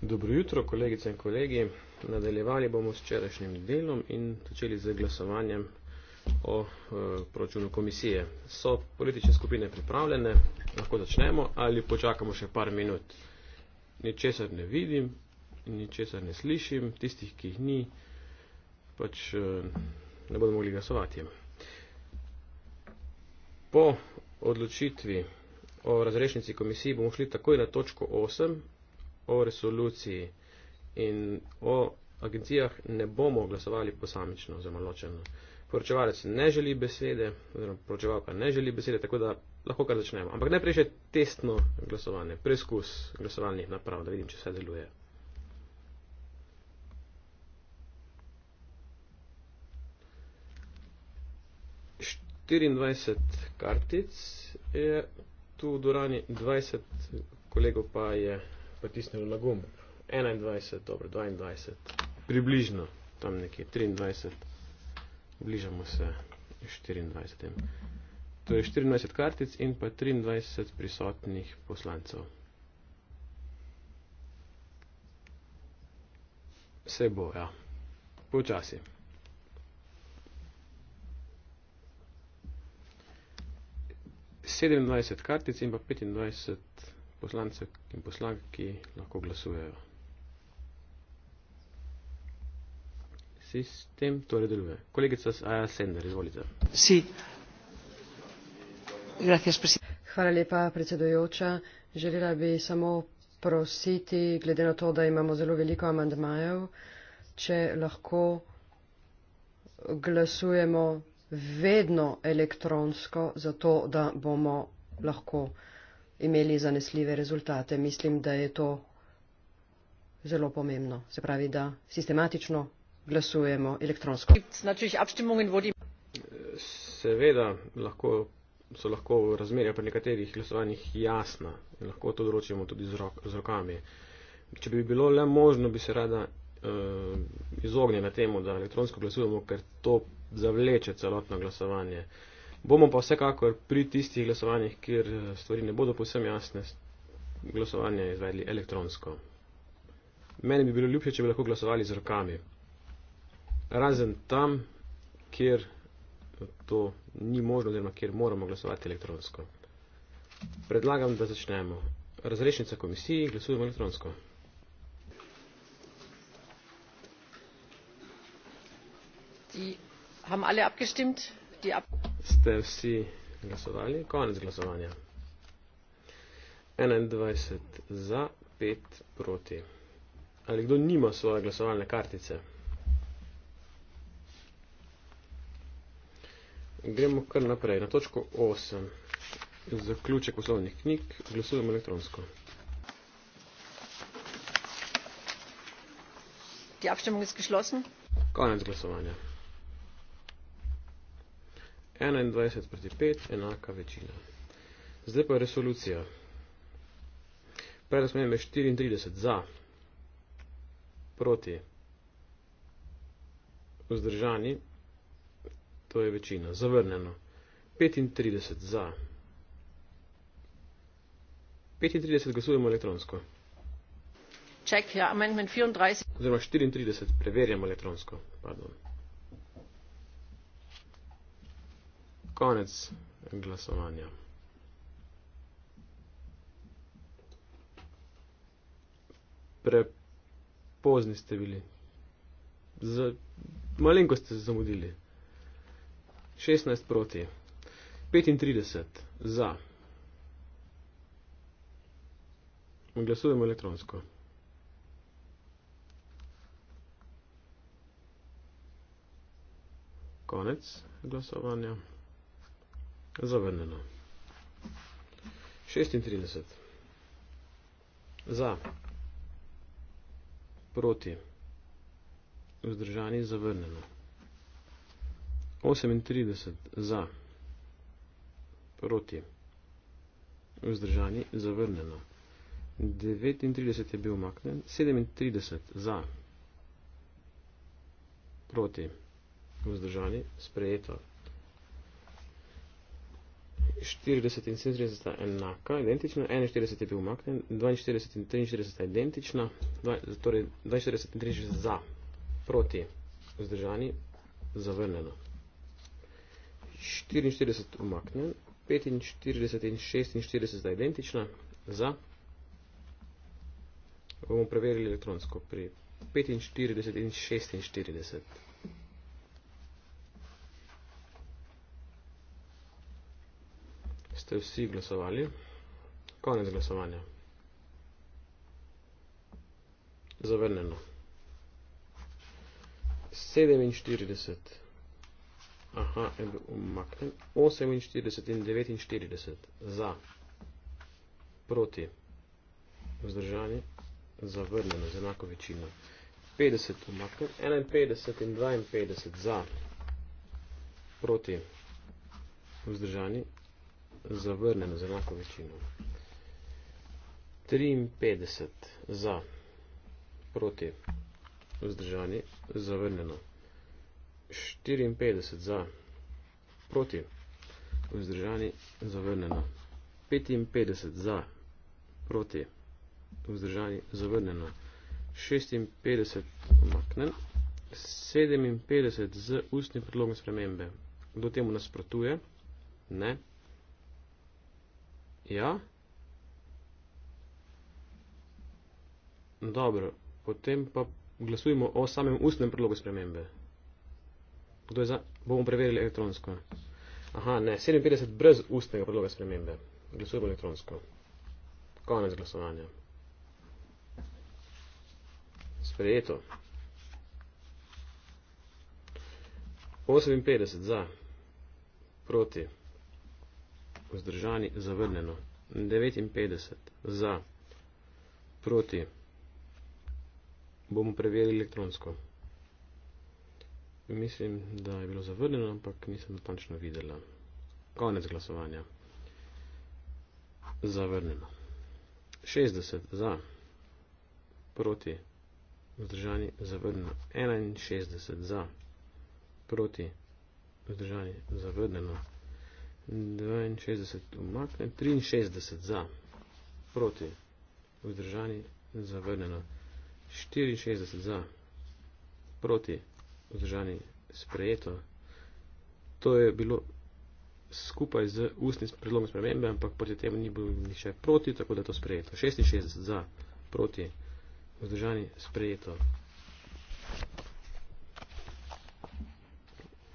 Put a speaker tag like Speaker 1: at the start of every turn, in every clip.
Speaker 1: Dobro jutro, kolegice in kolegi. Nadaljevali bomo s včerajšnjim delom in začeli z glasovanjem o e, proračunu komisije. So politične skupine pripravljene, lahko začnemo ali počakamo še par minut. Ničesar ne vidim, ničesar ne slišim, tistih, ki jih ni, pač e, ne bodo mogli glasovati. Po odločitvi o razrešnici komisiji, bomo šli takoj na točko 8 o resoluciji in o agencijah ne bomo glasovali posamično, oziroma ločeno. Poročevalec ne želi besede, oziroma poročevalka ne želi besede, tako da lahko kar začnemo. Ampak najprej še testno glasovanje, preskus glasovalnih naprav, da vidim, če vse deluje. Štirindvajset kartic je tu v dvorani 20 kolegov pa je potisnilo na gumb. 21, dobro, 22, približno, tam nekje 23, bližamo se 24. To je 24 kartic in pa 23 prisotnih poslancev. Vse bo, ja. Počasi. 27 kartic in pa 25 poslancev in poslank, ki lahko glasujejo. Sistem torej deluje. Kolegica Aja Sender, izvolite.
Speaker 2: Si. Gracias, Hvala lepa, predsedujoča. Želela bi samo prositi, glede na to, da imamo zelo veliko amandmajev, če lahko glasujemo vedno elektronsko, zato da bomo lahko imeli zanesljive rezultate. Mislim, da je to zelo pomembno. Se pravi, da sistematično glasujemo elektronsko.
Speaker 1: Seveda lahko, so lahko razmerja pri nekaterih glasovanjih jasna in lahko to določimo tudi z, rok, z rokami. Če bi bilo le možno, bi se rada Eh, izognjene temu, da elektronsko glasujemo, ker to zavleče celotno glasovanje. Bomo pa vsekakor pri tistih glasovanjih, kjer eh, stvari ne bodo povsem jasne, glasovanje izvedli elektronsko. Meni bi bilo ljubše, če bi lahko glasovali z rokami. Razen tam, kjer to ni možno, oziroma kjer moramo glasovati elektronsko. Predlagam, da začnemo. Razrešnica komisiji, glasujemo elektronsko.
Speaker 3: Die haben alle abgestimmt.
Speaker 1: Die ab Ste vsi glasovali? Konec glasovanja. 21 za, 5 proti. Ali kdo nima svoje glasovalne kartice? Gremo kar naprej, na točko 8. Zaključek poslovnih knjig, glasujemo elektronsko.
Speaker 3: Die Abstimmung ist geschlossen.
Speaker 1: Konec glasovanja. 21 proti 5, enaka večina. Zdaj pa resolucija. Predo smenim je 34 za, proti, vzdržani, to je večina, zavrneno. 35 za. 35 glasujemo elektronsko.
Speaker 3: Check, ja, amendment 34.
Speaker 1: Oziroma 34 preverjamo elektronsko, pardon. konec glasovanja. Prepozni ste bili. Za malenko ste se zamudili. 16 proti. 35 za. Glasujemo elektronsko. Konec glasovanja. Zavrnjeno. 36. Za. Proti. Vzdržani zavrnjeno. 38. Za. Proti. Vzdržani zavrnjeno. 39 je bil umaknen. 37. Za. Proti. Vzdržani sprejeto. 40 in 37 sta enaka, identična, 41 je bil umaknen, 42 in 43 sta identična, dva, torej 42 in 43 za, proti, vzdržani, zavrnjeno. 44 umaknen, 45 in 46 sta identična, za, bomo preverili elektronsko pri 45 in 46. ste vsi glasovali. Konec glasovanja. Zavrnjeno. 47. Aha, je bil umaknen. 48 in 49. Za. Proti. Vzdržanje. Zavrnjeno, z enako večino. 50 umaknen. 51 in 52. Za. Proti. Vzdržanje zavrnjen z enako večino. 53 za, proti, vzdržani, zavrnjeno. 54 za, proti, vzdržani, zavrnjeno. 55 za, proti, vzdržani, zavrnjeno. 56 omaknen. 57 z ustnim predlogom spremembe. Kdo temu nasprotuje? Ne. Ne. Ja. Dobro, potem pa glasujemo o samem ustnem predlogu spremembe. Kdo je za? Bomo preverili elektronsko. Aha, ne, 57 brez ustnega predloga spremembe. Glasujemo elektronsko. Konec glasovanja. Sprejeto. 58 za. Proti vzdržani, zavrnjeno. 59 za, proti, bomo preverili elektronsko. Mislim, da je bilo zavrnjeno, ampak nisem natančno videla. Konec glasovanja. Zavrnjeno. 60 za, proti, vzdržani, zavrnjeno. 61 za, proti, vzdržani, zavrnjeno. 61 za, proti, vzdržani, zavrnjeno. 62 umaknem, 63 za, proti, vzdržani, zavrnjeno, 64 za, proti, vzdržani, sprejeto. To je bilo skupaj z ustnim predlogom spremembe, ampak proti temu ni bil niče proti, tako da je to sprejeto. 66 za, proti, vzdržani, sprejeto.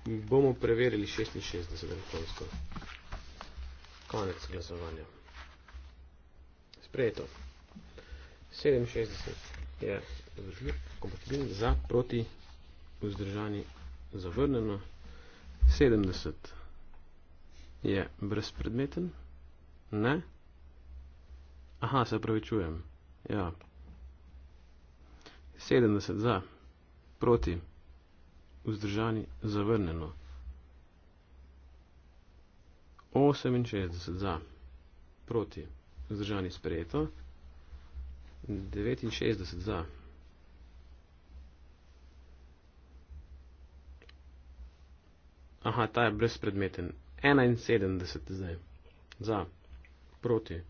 Speaker 1: bomo preverili 66 elektronsko. Konec glasovanja. Sprejeto. 67 je zdržljiv, kompatibilen za, proti, vzdržani, zavrneno. 70 je brezpredmeten. Ne. Aha, se pravi čujem. Ja. 70 za, proti, vzdržani vzdržani zavrneno. 68 za, proti, vzdržani sprejeto. 69 za. Aha, ta je brezpredmeten. 71 zdaj. Za, proti,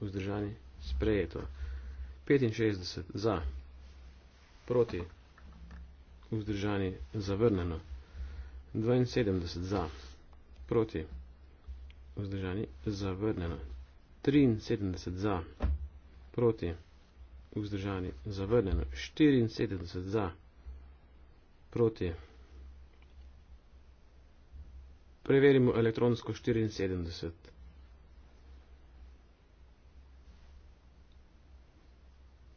Speaker 1: vzdržani sprejeto. 65 za, proti, vzdržani sprejeto vzdržani zavrnjeno. 72 za, proti, vzdržani zavrnjeno. 73 za, proti, vzdržani zavrnjeno. 74 za, proti. Preverimo elektronsko 74.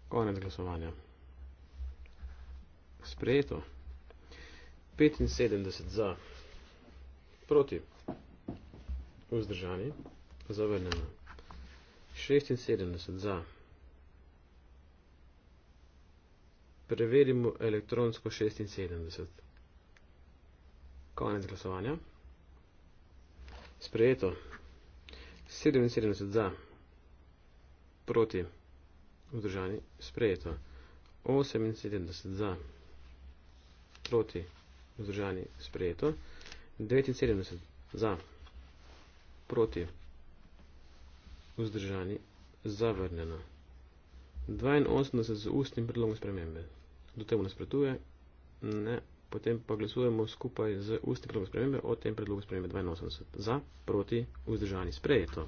Speaker 1: Konec glasovanja. Sprejeto. 75 za. Proti. Vzdržani. Zavrnjeno. 76 za. Preverimo elektronsko 76. Konec glasovanja. Sprejeto. 77 za. Proti. Vzdržani. Sprejeto. 78 za. Sprejeto proti, vzdržani, sprejeto. 79 za, proti, vzdržani, zavrnjeno. 82 z ustnim predlogom spremembe. Do temu nasprotuje, ne, potem pa glasujemo skupaj z ustnim predlogom spremembe o tem predlogu spremembe. 82 za, proti, vzdržani, sprejeto.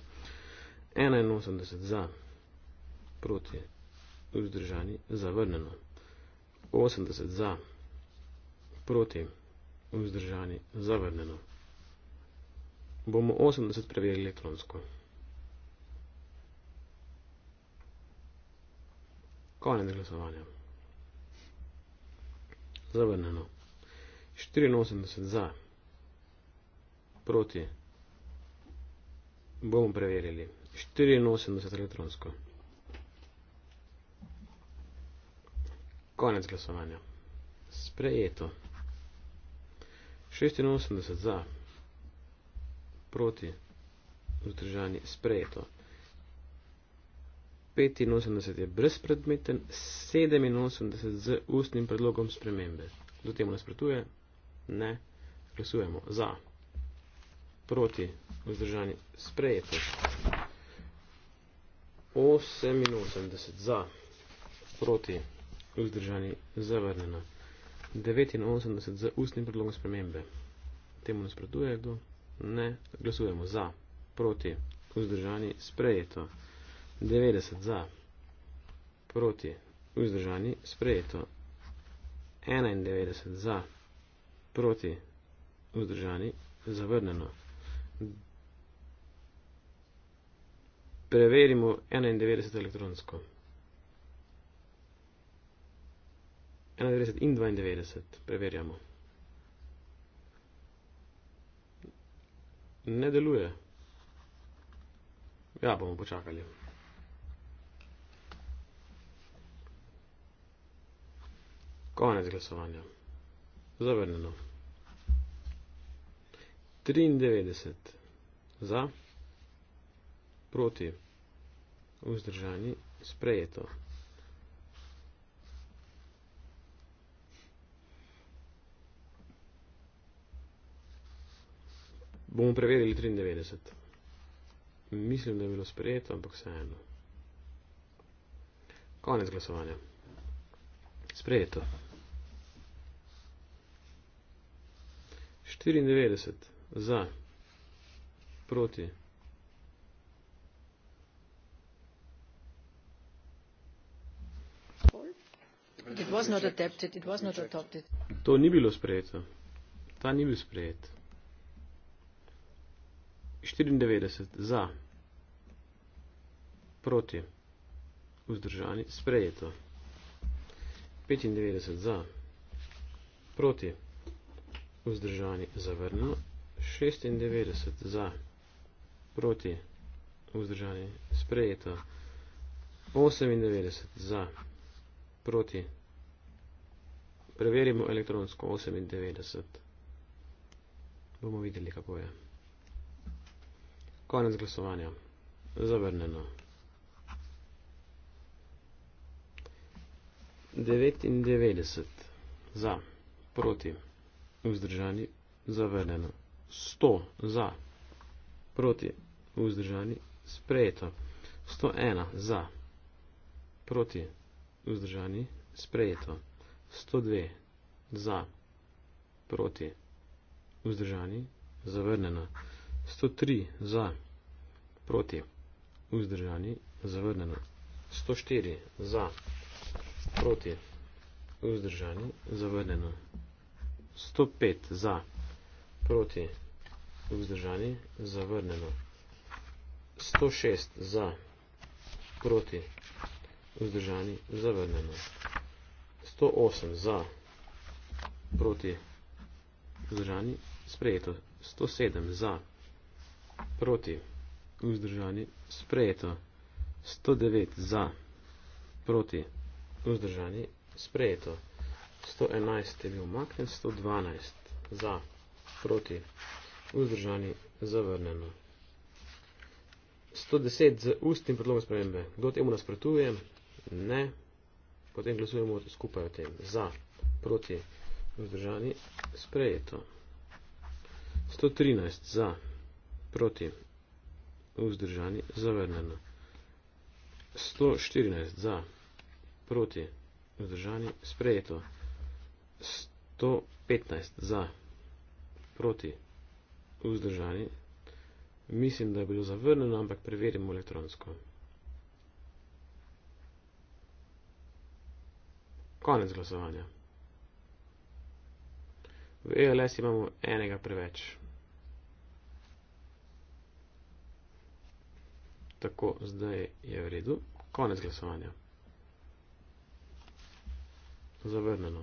Speaker 1: 81 za, proti, vzdržani, zavrnjeno. 80 za, proti, vzdržani, zavrnjeno proti, vzdržani, zavrneno. Bomo 80 preverili elektronsko. Konec glasovanja. Zavrneno. 84 za, proti, bomo preverili. 84 elektronsko. Konec glasovanja. Sprejeto. 86 za, proti, vzdržani, sprejeto. 85 je brezpredmeten, 87 z ustnim predlogom spremembe. Kdo temu nasprotuje? Ne. Glasujemo za, proti, vzdržani, sprejeto. 88 za, proti, vzdržani, zavrnjeno. 89 z ustnim predlogom spremembe. Temu nasprotuje kdo? Ne. Glasujemo za, proti, vzdržani, sprejeto. 90 za, proti, vzdržani, sprejeto. 91 za, proti, vzdržani, zavrneno. Preverimo 91 elektronsko. 91 in 92, preverjamo. Ne deluje. Ja, bomo počakali. Konec glasovanja. Zavrneno. 93 za, proti, vzdržani, sprejeto. bomo preverili 93. Mislim, da je bilo sprejeto, ampak vseeno. Konec glasovanja. Sprejeto. 94 za, proti. To ni bilo sprejeto. Ta ni bil sprejet. 94 za, proti, vzdržani, sprejeto. 95 za, proti, vzdržani, zavrnjeno. 96 za, proti, vzdržani, sprejeto. 98 za, proti, preverimo elektronsko 98. Bomo videli, kako je. Konec glasovanja. Zavrnjeno. 99 za, proti, vzdržani, zavrnjeno. 100 za, proti, vzdržani, sprejeto. 101 za, proti, vzdržani, sprejeto. 102 za, proti, vzdržani, zavrnjeno. 103 za, proti, vzdržani, sprejeto proti, vzdržani, zavrnjeno, 104 za, proti, vzdržani, zavrnjeno, 105 za, proti, vzdržani, zavrnjeno, 106 za, proti, vzdržani, zavrnjeno, 108 za, proti, vzdržani, sprejeto, 107 za, proti, vzdržani, vzdržani, sprejeto. 109 za, proti, vzdržani, sprejeto. 111 je bil umaknen, 112 za, proti, vzdržani, zavrneno. 110 z ustnim predlogom spremembe. Kdo temu nasprotuje? Ne. Potem glasujemo skupaj o tem. Za, proti, vzdržani, sprejeto. 113 za, proti, vzdržani zavrnjeno. 114 za, proti, vzdržani sprejeto. 115 za, proti, vzdržani. Mislim, da je bilo zavrnjeno, ampak preverimo elektronsko. Konec glasovanja. V ELS imamo enega preveč. Tako, zdaj je v redu. Konec glasovanja. Zavrneno.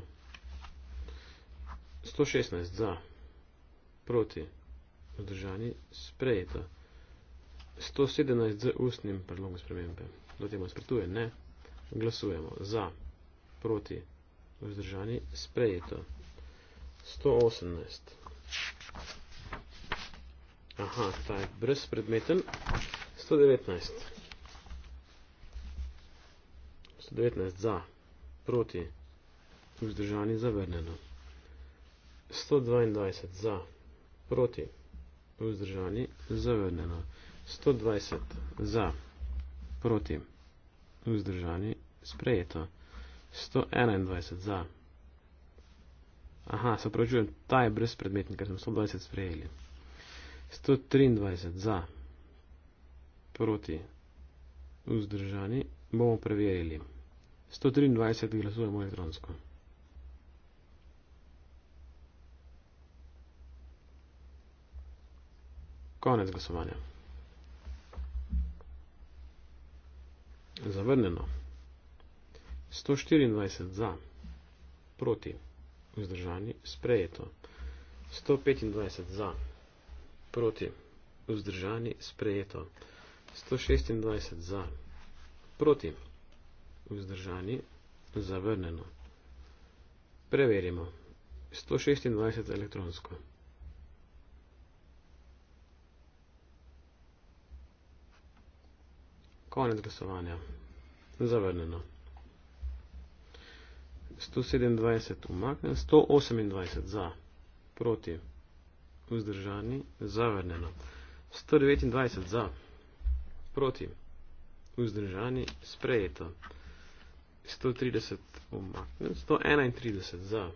Speaker 1: 116 za, proti, vzdržani, sprejeta. 117 z ustnim predlogom spremembe. Do temu spretuje, ne. Glasujemo za, proti, vzdržani, sprejeta. 118. Aha, ta je brezpredmeten. 119. 119 za, proti, vzdržani zavrneno. 122 za, proti, vzdržani zavrneno. 120 za, proti, vzdržani sprejeto. 121 za. Aha, se pravčujem, ta je brez predmetnika, smo 120 sprejeli. 123 za, proti, vzdržani zavrneno proti vzdržani, bomo preverili. 123 glasujemo elektronsko. Konec glasovanja. Zavrneno. 124 za, proti, vzdržani, sprejeto. 125 za, proti, vzdržani, sprejeto. 126 za, proti, vzdržani, zavrneno. Preverimo. 126 elektronsko. Konec glasovanja. Zavrneno. 127 umaknen, 128 za, proti, vzdržani, zavrneno. 129 za, proti, vzdržani, zavrneno. 129 za proti, vzdržani, sprejeto. 130 umaknem, 131 za.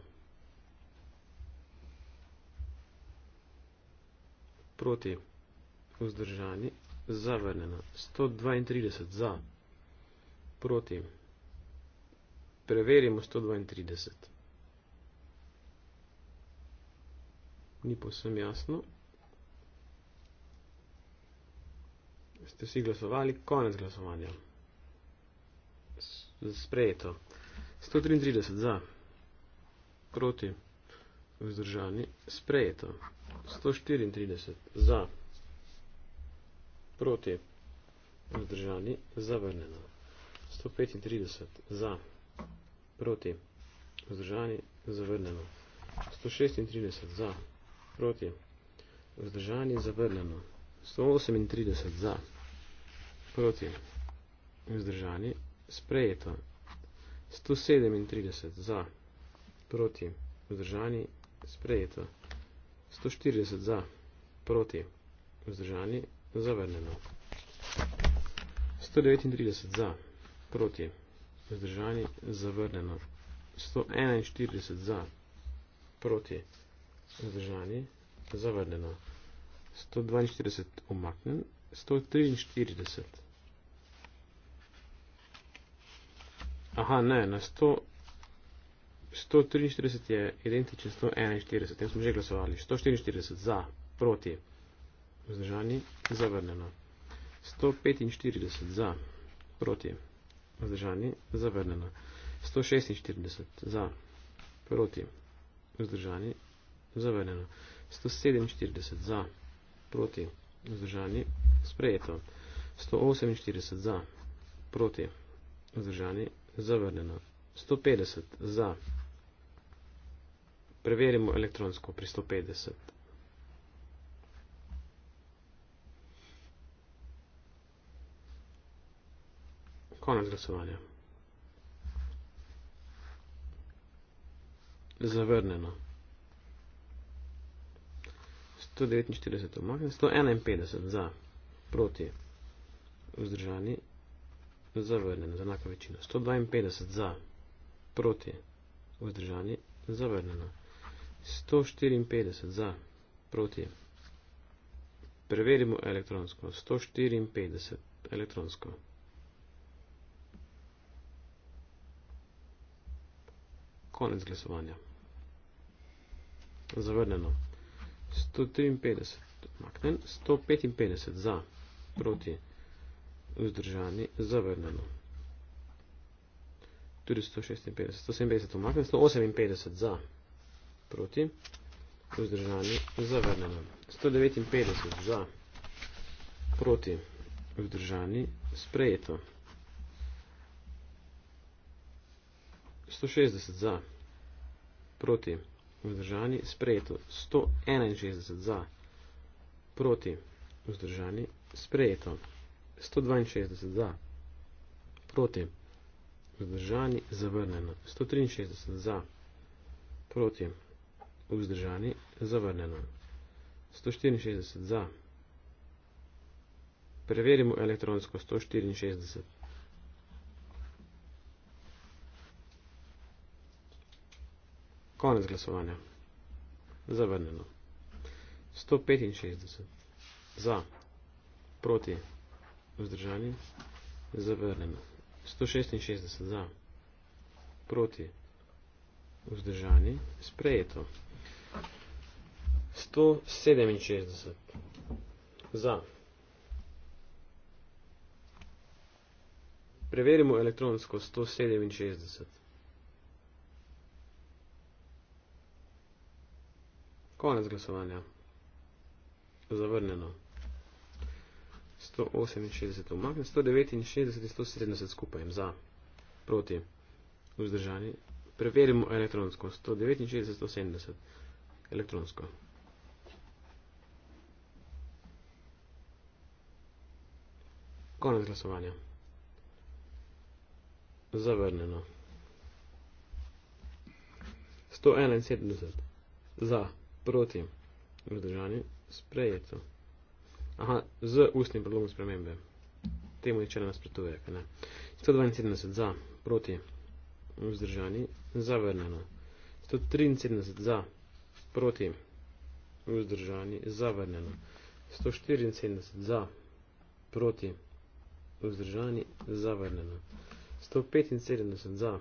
Speaker 1: Proti, vzdržani, zavrnjeno. 132 za. Proti, preverimo 132. Ni posem jasno. ste vsi glasovali, konec glasovanja. Sprejeto. 133 za, proti, vzdržani, sprejeto. 134 za, proti, vzdržani, zavrneno. 135 za, proti, vzdržani, zavrneno. 136 za, proti, vzdržani, zavrneno. 136 za, proti, vzdržani, zavrneno. 138 za, proti, vzdržani, sprejeto. 137 za, proti, vzdržani, sprejeto. 140 za, proti, vzdržani, zavrneno. 139 za, proti, vzdržani, zavrneno. 141 za, proti, vzdržani, zavrneno. 142 umaknem, 143. Aha, ne, na 100, 143 je identičen 141, tem smo že glasovali. 144 za, proti, vzdržani, zavrnjeno. 145 za, proti, vzdržani, zavrnjeno. 146 za, proti, vzdržani, zavrnjeno. 147 za, proti, vzdržani, zavrnjeno. 147 za, proti, vzdržani, zavrnjeno proti, vzdržani, sprejeto. 148 za, proti, vzdržani, zavrnjeno. 150 za, preverimo elektronsko pri 150. Konec glasovanja. Zavrnjeno. 149 omaknem, 151 za, proti, vzdržani, zavrnen, za enako večino. 152 za, proti, vzdržani, zavrneno. 154 za, proti, preverimo elektronsko, 154 elektronsko. Konec glasovanja. Zavrneno. 153, maknen, 155 za, proti, vzdržani, zavrnjeno. Tudi 156, 170 omaknen, 158 za, proti, vzdržani, zavrnjeno. 159 za, proti, vzdržani, sprejeto. 160 za, proti, vzdržani, zavrnjeno vzdržani, sprejeto 161 za, proti vzdržani, sprejeto 162 za, proti vzdržani, zavrneno 163 za, proti vzdržani, zavrneno 164 za. Preverimo elektronsko 164. Konec glasovanja. Zavrnjeno. 165. Za. Proti. Vzdržani. Zavrnjeno. 166. Za. Proti. Vzdržani. Sprejeto. 167. Za. Preverimo elektronsko 167. Konec glasovanja. Zavrnjeno. 168 umakne, 169 in 170 skupaj za, proti, vzdržani. Preverimo elektronsko. 169, 170. Elektronsko. Konec glasovanja. Zavrnjeno. 171 za proti, vzdržani, sprejeto. Aha, z ustnim predlogom spremembe. Temu niče ne nasprotuje, kaj ne. 172 za, proti, vzdržani, zavrnjeno. 173 za, proti, vzdržani, zavrnjeno. 174 za, proti, vzdržani, zavrnjeno. 175 za,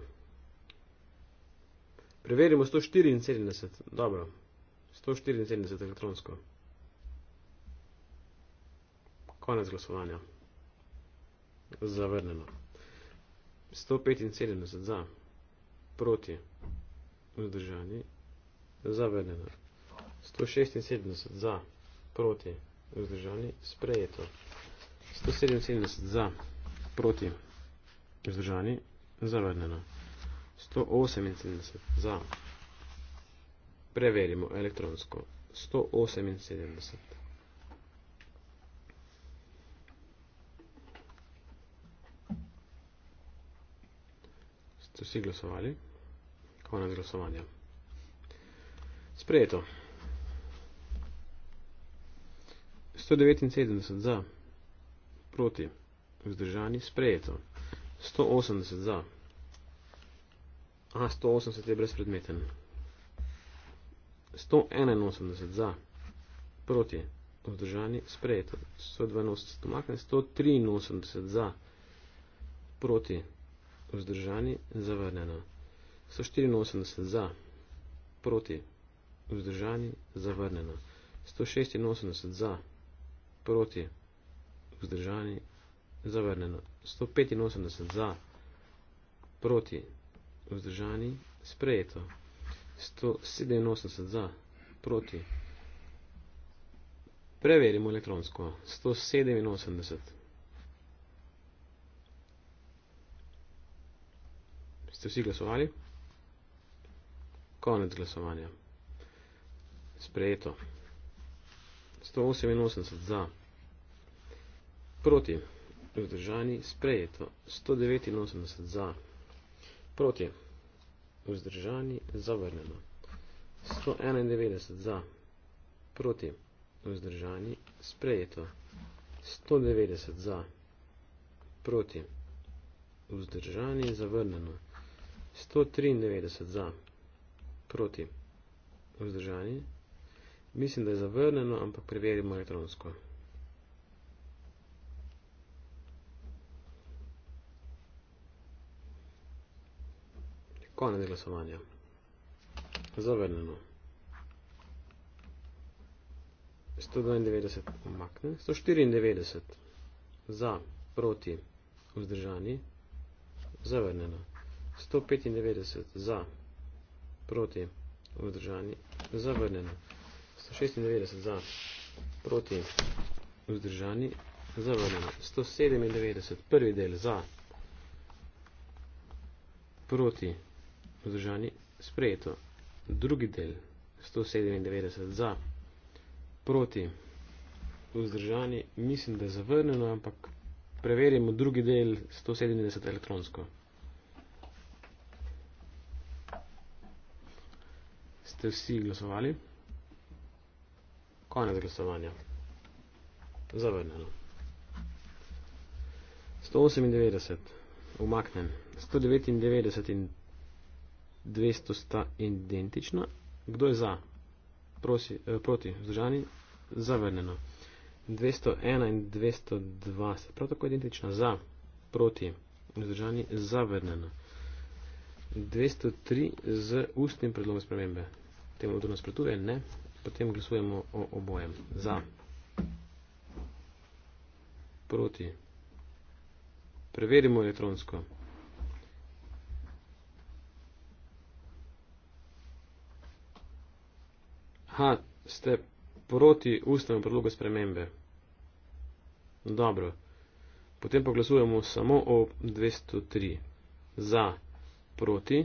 Speaker 1: Preverimo 174, dobro. 174 elektronsko. Konec glasovanja. Zavrneno. 175 za. Proti. Vzdržani. Zavrneno. 176 za. Proti. Vzdržani. Sprejeto. 177 za. Proti. Vzdržani. Zavrneno. 178 za. Proti preverimo elektronsko. 178. Ste vsi glasovali? Konec glasovanja. Sprejeto. 179 za, proti, vzdržani, sprejeto. 180 za, aha, 180 je brezpredmeten. 181 za, proti vzdržani, sprejeto, 182 tomakne, 183 za, proti vzdržani, zavrnjeno, 184 za, proti vzdržani, zavrnjeno, 186 za, proti vzdržani, zavrnjeno, 185 za, proti vzdržani, sprejeto. 187 za, proti. Preverimo elektronsko. 187. 187. Ste vsi glasovali? Konec glasovanja. Sprejeto. 188 za, proti. Vzdržani, sprejeto. 189 za, proti vzdržani, zavrnjeno. 191 za, proti, vzdržani, sprejeto. 190 za, proti, vzdržani, zavrnjeno. 193 za, proti, vzdržani. Mislim, da je zavrnjeno, ampak preverimo elektronsko. 193 za, proti, vzdržani. Konec glasovanja. Zavrneno. 192 omakne. 194 za proti vzdržani. Zavrneno. 195 za proti vzdržani. Zavrneno. 196 za proti vzdržani. Zavrneno. 197 prvi del za proti vzdržani vzdržani sprejeto. Drugi del, 197 za, proti vzdržani, mislim, da je zavrnjeno, ampak preverimo drugi del, 197 elektronsko. Ste vsi glasovali? Konec glasovanja. Zavrnjeno. 198, umaknem. 199 in 200 sta identična. Kdo je za? Prosi, eh, proti, vzdržani, zavrnjeno. 201 in 202 sta prav tako identična. Za, proti, vzdržani, zavrnjeno. 203 z ustnim predlogom spremembe. Temu odru nasprotuje, ne. Potem glasujemo o obojem. Za, proti. Preverimo elektronsko. 203. Ha, ste proti ustavnemu predlogu spremembe. Dobro. Potem poglasujemo samo o 203. Za, proti,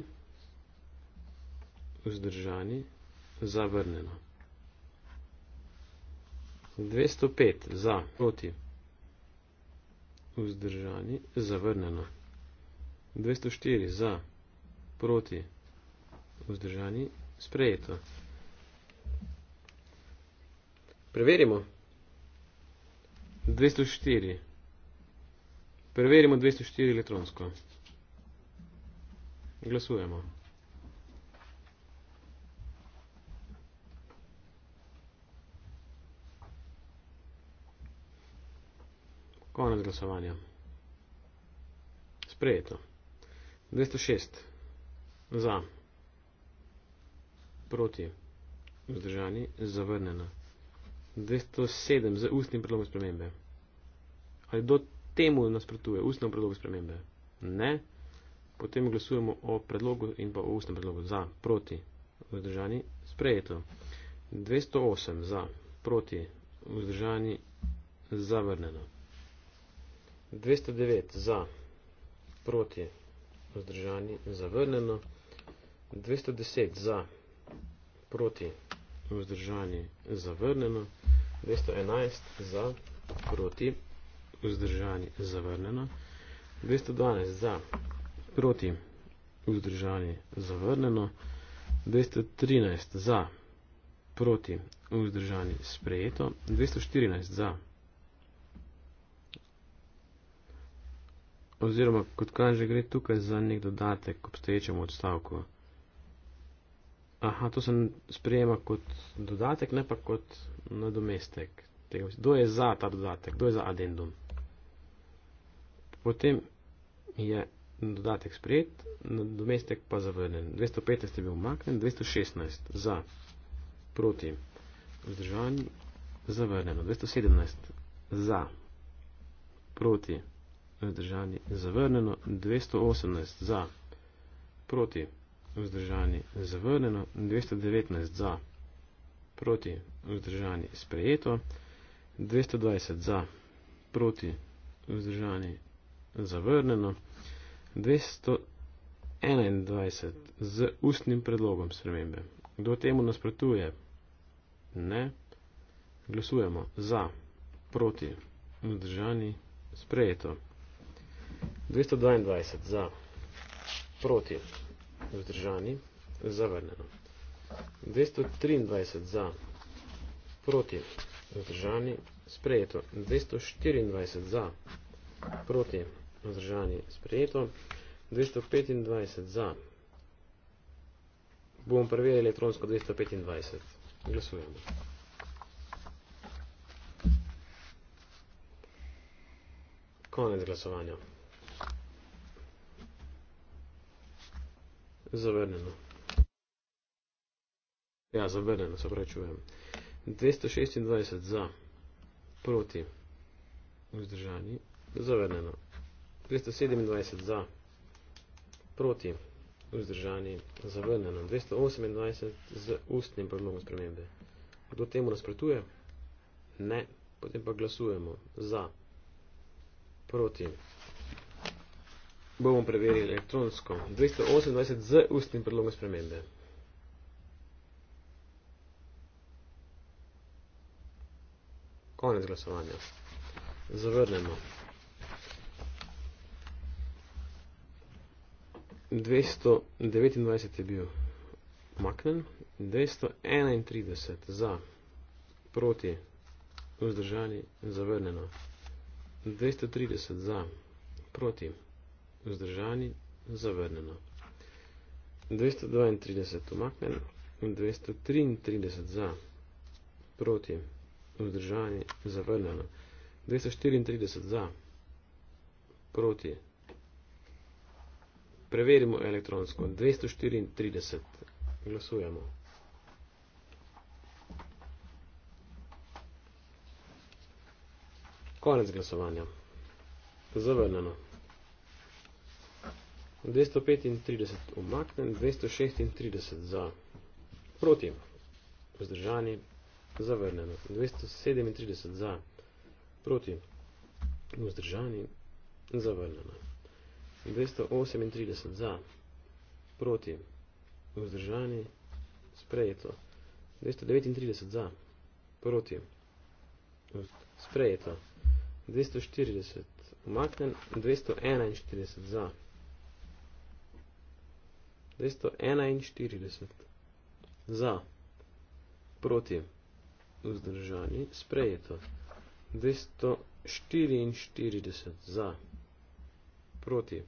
Speaker 1: vzdržani, zavrnjeno. 205. Za, proti, vzdržani, zavrnjeno. 204. Za, proti, vzdržani, sprejeto. Preverimo. 204. Preverimo 204 elektronsko. Glasujemo. Konec glasovanja. Sprejeto. 206. Za. Proti. Vzdržani. Zavrnjeno. 207 z ustnim predlogom spremembe. Ali do temu nasprotuje ustno predlogo spremembe? Ne. Potem glasujemo o predlogu in pa o ustnem predlogu za, proti, vzdržani, sprejeto. 208 za, proti, vzdržani, zavrneno. 209 za, proti, vzdržani, zavrneno. 210 za, proti, vzdržani, zavrneno vzdržanje zavrnjeno, 211 za proti vzdržanje zavrnjeno, 212 za proti vzdržanje zavrnjeno, 213 za proti vzdržanje sprejeto, 214 za oziroma kot kaže gre tukaj za nek dodatek k obstoječemu odstavku Aha, to se sprejema kot dodatek, ne pa kot nadomestek. Kdo je za ta dodatek? Kdo je za addendum? Potem je dodatek sprejet, nadomestek pa zavrnen. 215 je bil umaknen, 216 za proti vzdržanju, zavrnjeno. 217 za proti vzdržanju, zavrnjeno. 218 za proti vzdržanju vzdržani zavrnjeno, 219 za, proti vzdržani sprejeto, 220 za, proti vzdržani zavrnjeno, 221 z ustnim predlogom spremembe. Kdo temu nasprotuje? Ne. Glasujemo za, proti vzdržani sprejeto. 222 za, proti vzdržani vzdržani, zavrnjeno. 223 za, proti, vzdržani, sprejeto. 224 za, proti, vzdržani, sprejeto. 225 za, bomo preverili elektronsko 225, glasujemo. Konec glasovanja. zavrnjeno. Ja, zavrnjeno, se pravi, čujem. 226 za, proti, vzdržani, zavrnjeno. 227 za, proti, vzdržani, zavrnjeno. 228 z ustnim predlogom spremembe. Kdo temu nasprotuje? Ne. Potem pa glasujemo za, proti, vzdržani bomo preverili elektronsko. 228 z ustnim predlogom spremembe. Konec glasovanja. Zavrnemo. 229 je bil maknen. 231 za proti vzdržani zavrneno. 230 za proti vzdržani vzdržani, zavrnjeno. 232 umaknjen in 233 za, proti, vzdržani, zavrnjeno. 234 za, proti, preverimo elektronsko, 234, glasujemo. Konec glasovanja. Zavrnjeno. 235 umaknem, 236 za proti, vzdržani, zavrnjeno, 237 za proti, vzdržani, zavrnjeno, 238 za proti, vzdržani, sprejeto, 239 za proti, sprejeto, 240 umaknem, 241 za proti, 241 za, proti, vzdržani, sprejeto. 244 za, proti,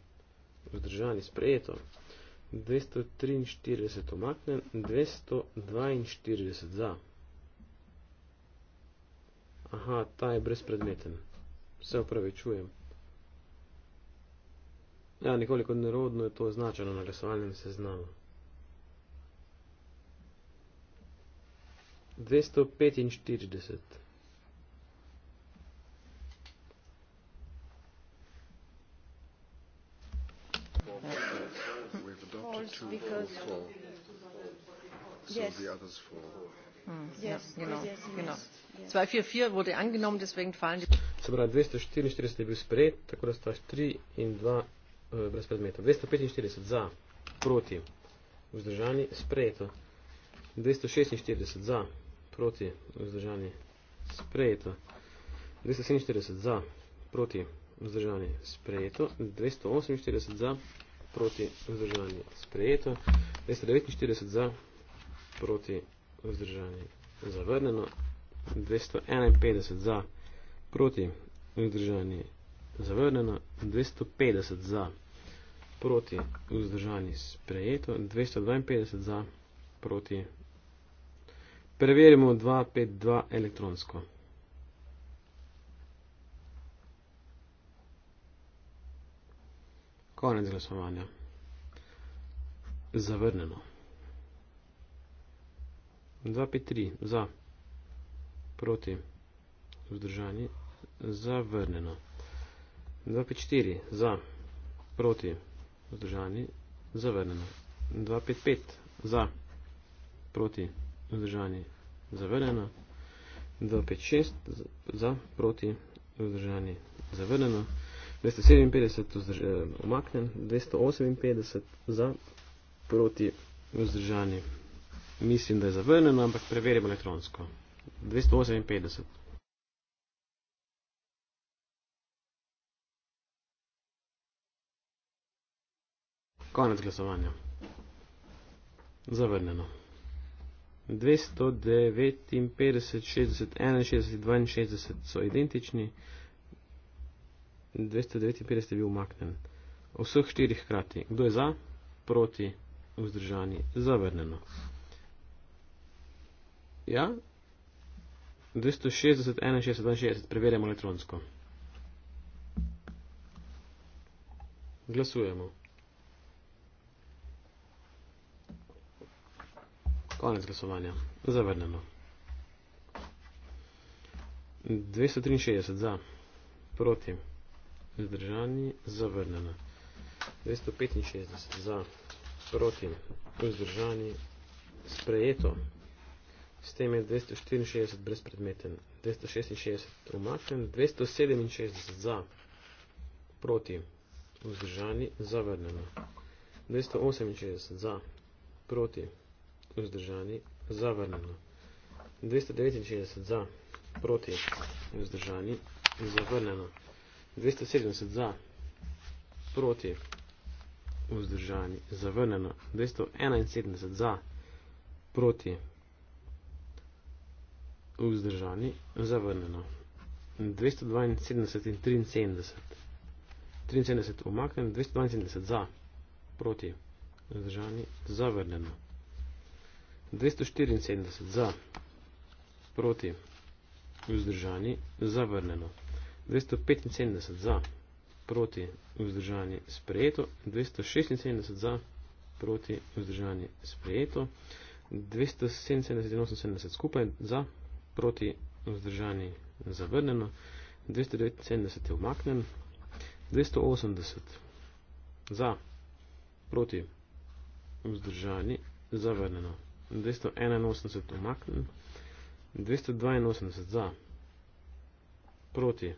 Speaker 1: vzdržani, sprejeto. 243 omaknen, 242 za. Aha, ta je brezpredmeten. Vse opravičujem. Ja, nekoliko nerodno je to označeno na glasovalnem seznamu. 245. Se pravi, 244 je bil sprejet, tako da sta 3 in 2 brez predmeta. 245 za, proti, vzdržani, sprejeto. 246 za, proti, vzdržani, sprejeto. 247 za, proti, vzdržani, sprejeto. 248 za, proti, vzdržani, sprejeto. 249 za, proti, vzdržani, zavrneno. 251 za, proti, vzdržani, zavrneno. 250 za, proti, proti vzdržani sprejeto, 252 za proti. Preverimo 252 elektronsko. Konec glasovanja. Zavrneno. 253 za proti vzdržani zavrneno. 254 za proti vzdržani vzdržani, zavrnjeno. 255 za, proti, vzdržani, zavrnjeno. 256 za, proti, vzdržani, zavrnjeno. 257 vzdrž, eh, omaknen, 258 za, proti, vzdržani, mislim, da je zavrnjeno, ampak preverimo elektronsko. 258. Konec glasovanja. Zavrnjeno. 259, 60, 61, 62 so identični. 259 je bil umaknen. Vseh štirih krati. Kdo je za? Proti. Vzdržani. Zavrnjeno. Ja? 260, 61, 62. Preverjamo elektronsko. Glasujemo. Konec glasovanja. Zavrnemo. 263 za, proti, vzdržani, zavrnjeno. 265 za, proti, vzdržani, sprejeto. S tem je 264 brezpredmeten, 266 umaknen, 267 za, proti, vzdržani, zavrnjeno. 268 za, proti, vzdržani vzdržani, zavrnjeno. 269 za, proti, vzdržani, zavrnjeno. 270 za, proti, vzdržani, zavrnjeno. 271 za, proti, vzdržani, zavrnjeno. 272 in 73. 73 umaknem, 272 za, proti, vzdržani, zavrnjeno. 274 za, proti, vzdržani, zavrneno. 275 za, proti, vzdržani, sprejeto. 276 za, proti, vzdržani, sprejeto. 277 in 78 skupaj za, proti, vzdržani, zavrneno. 279 je umaknen. 280 za, proti, vzdržani, zavrneno. 281 umaknem, 282 za, proti,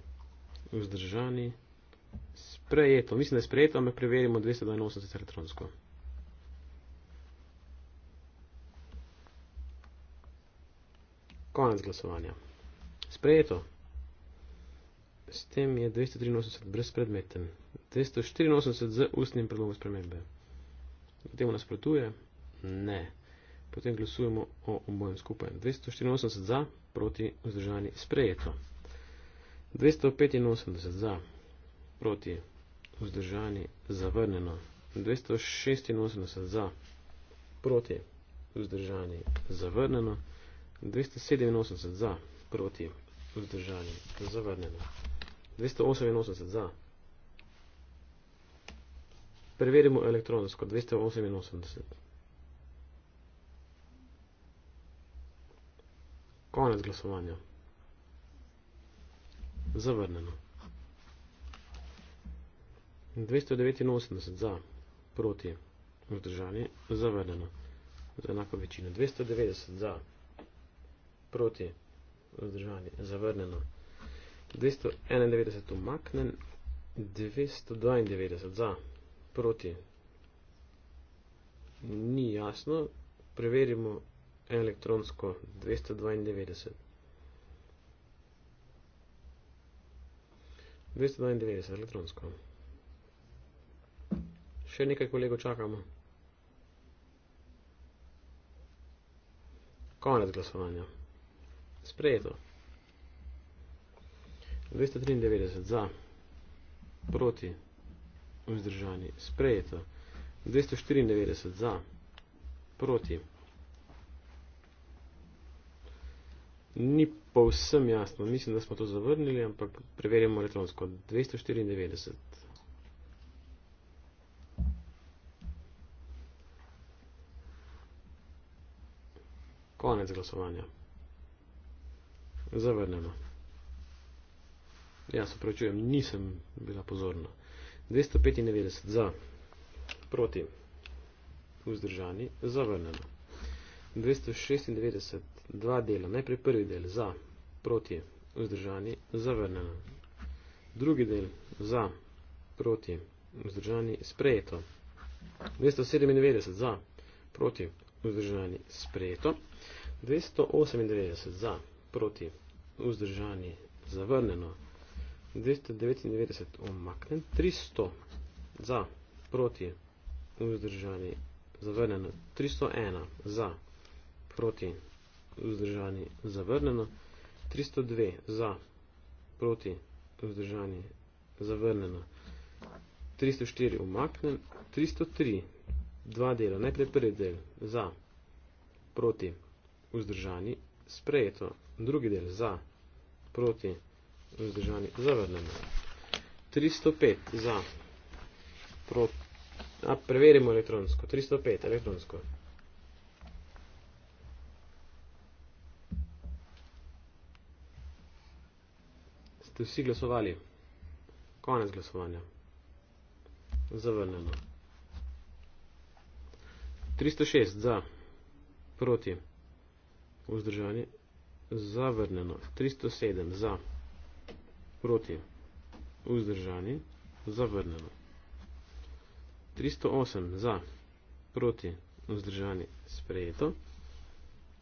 Speaker 1: vzdržani, sprejeto, mislim, da je sprejeto, ampak preverimo 282 elektronsko. Konec glasovanja. Sprejeto. S tem je 283 brez predmeten. 284 z ustnim predlogom spremembe. Temu nasprotuje? Ne potem glasujemo o obojem skupaj. 284 za, proti vzdržani sprejeto. 285 za, proti vzdržani zavrnjeno. 286 za, proti vzdržani zavrnjeno. 287 za, proti vzdržani zavrnjeno. 288 za. Preverimo elektronsko 288. konec glasovanja. Zavrnjeno. 289 za, proti, vzdržani, zavrnjeno. Za enako večino. 290 za, proti, vzdržani, zavrnjeno. 291 umaknen, 292 za, proti, ni jasno, preverimo, elektronsko 292. 292 elektronsko. Še nekaj kolego čakamo. Konec glasovanja. Sprejeto. 293 za, proti, vzdržani, sprejeto. 294 za, proti, vzdržani. ni povsem jasno. Mislim, da smo to zavrnili, ampak preverjamo elektronsko. 294. Konec glasovanja. Zavrnemo. Jaz upravičujem, nisem bila pozorna. 295 za, proti, vzdržani, zavrnemo. 296 dva dela. Najprej prvi del za, proti, vzdržani, zavrnjeno. Drugi del za, proti, vzdržani, sprejeto. 297 za, proti, vzdržani, sprejeto. 298 za, proti, vzdržani, zavrnjeno. 299 omaknen. 300 za, proti, vzdržani, zavrnjeno. 301 za, proti, vzdržani vzdržani zavrnjeno. 302 za, proti vzdržani zavrnjeno. 304 umaknem. 303, dva dela, najprej prvi del za, proti vzdržani sprejeto. Drugi del za, proti vzdržani zavrnjeno. 305 za, proti. A, preverimo elektronsko. 305 elektronsko. ste vsi glasovali. Konec glasovanja. Zavrneno. 306 za, proti, vzdržanje, zavrneno. 307 za, proti, vzdržanje, zavrneno. 308 za, proti, vzdržanje, sprejeto.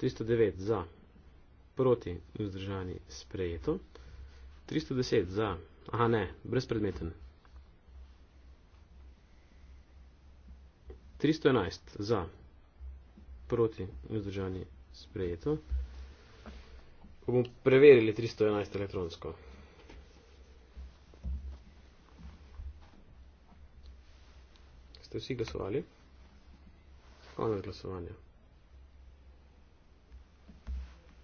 Speaker 1: 309 za, proti, vzdržanje, sprejeto. 310 za. Aha, ne, brezpredmeten. 311 za. Proti vzdržanje sprejeto. Bomo preverili 311 elektronsko. Ste vsi glasovali? Konec glasovanja.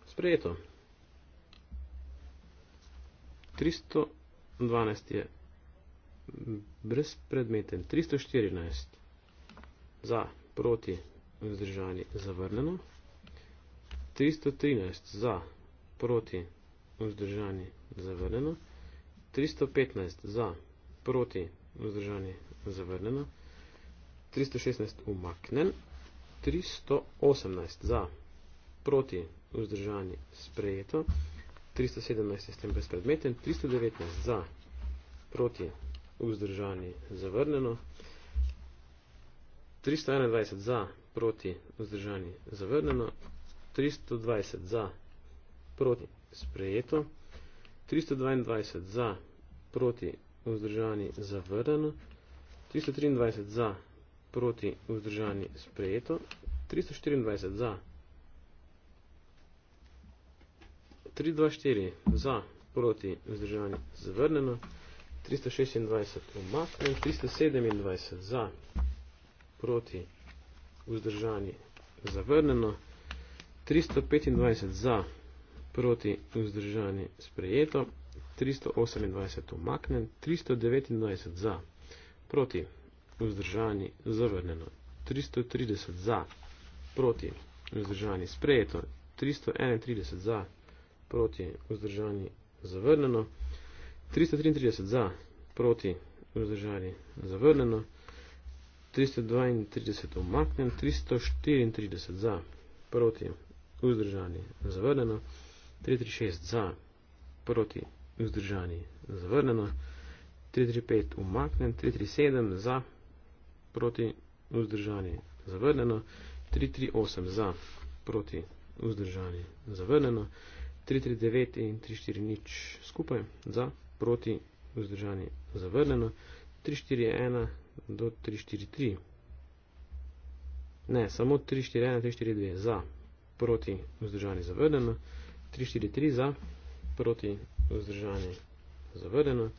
Speaker 1: Sprejeto. 312 je brezpredmeten. 314 za proti vzdržanje zavrneno. 313 za proti vzdržanje zavrneno. 315 za proti vzdržanje zavrneno. 316 umaknen. 318 za proti vzdržanje sprejeto. 317 je s tem brezpredmeten, 319 za, proti, vzdržani, zavrnjeno, 321 za, proti, vzdržani, zavrnjeno, 320 za, proti, sprejeto, 322 za, proti, vzdržani, zavrnjeno, 323 za, proti, vzdržani, sprejeto, 324 za, 3, 2, 4 za, proti, vzdržanje, zavrneno. 326 umaknem, 327 za, proti, vzdržanje, zavrneno. 325 za, proti, vzdržanje, sprejeto. 328 umaknem, 329 za, proti, vzdržanje, zavrneno. 330 za, proti, vzdržanje, sprejeto. 331 za, proti, proti, vzdržani, zavrnjeno. 333 za, proti, vzdržani, zavrnjeno. 332 omaknjen, 334 za, proti, vzdržani, zavrnjeno. 336 za, proti, vzdržani, zavrnjeno. 335 umaknen, 337 za, proti, vzdržani, zavrnjeno. 338 za, proti, vzdržani, zavrnjeno. 339 339 in 340 skupaj za proti vzdržanje zavrnjeno, 341 do 343, ne, samo 341, 342 za proti vzdržanje zavrnjeno, 343 za proti vzdržanje zavrnjeno,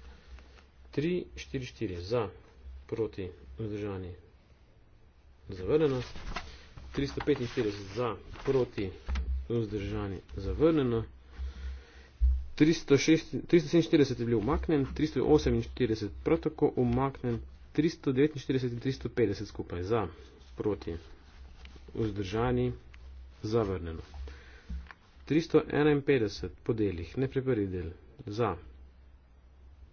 Speaker 1: 344 za proti vzdržanje zavrnjeno, 345 za proti vzdržanje zavrnjeno, 347 je bil umaknen, 348 prav tako umaknen, 349 in 350 skupaj za, proti, vzdržani, zavrneno. 351 po delih, nepreprvi del, za,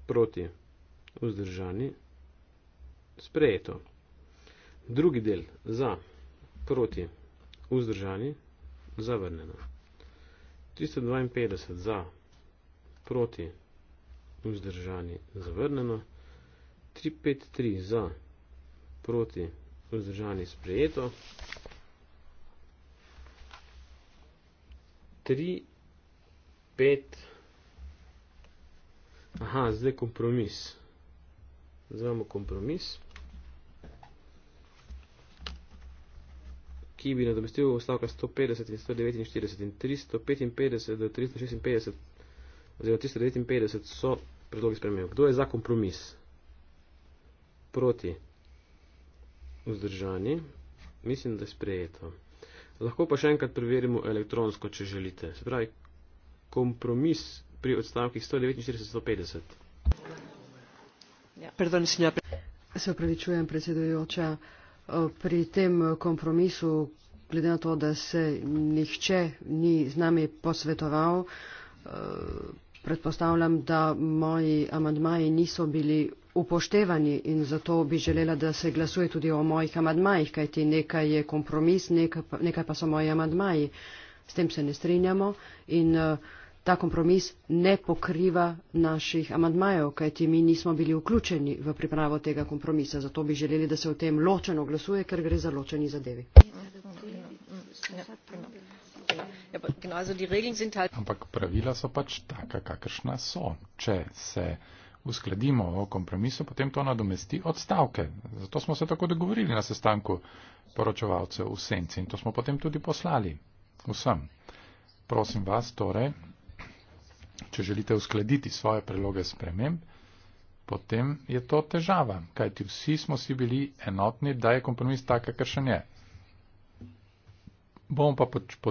Speaker 1: proti, vzdržani, sprejeto. Drugi del, za, proti, vzdržani, zavrneno. 352 za, proti, vzdržani, zavrnjeno, 353 za, proti, vzdržani, sprejeto, 3, 5, aha, zdaj kompromis, zdaj imamo kompromis, ki bi nadomestil ostavka 150 in 149 in 355 do 356 oziroma 359 so predlogi spremenjajo. Kdo je za kompromis? Proti vzdržani. Mislim, da je sprejeto. Lahko pa še enkrat preverimo elektronsko, če želite. Se pravi, kompromis pri odstavkih 149-150.
Speaker 2: Ja. Se upravičujem, predsedujoča, pri tem kompromisu, glede na to, da se nihče ni z nami posvetoval, predpostavljam, da moji amadmaji niso bili upoštevani in zato bi želela, da se glasuje tudi o mojih amadmajih, kajti nekaj je kompromis, nekaj pa, nekaj pa so moji amadmaji. S tem se ne strinjamo in eh, ta kompromis ne pokriva naših amadmajev, kajti mi nismo bili vključeni v pripravo tega kompromisa. Zato bi želeli, da se o tem ločeno glasuje, ker gre za ločeni zadevi.
Speaker 4: Ja, ja, ja, ja.
Speaker 3: Ja,
Speaker 5: Ampak pravila so pač taka, kakršna so. Če se uskladimo o kompromisu, potem to nadomesti odstavke. Zato smo se tako dogovorili na sestanku poročevalcev v senci in to smo potem tudi poslali vsem. Prosim vas torej, če želite uskladiti svoje preloge sprememb, potem je to težava, kajti vsi smo si bili enotni, da je kompromis tak, kakršen je. Bomo pa potem. Pač po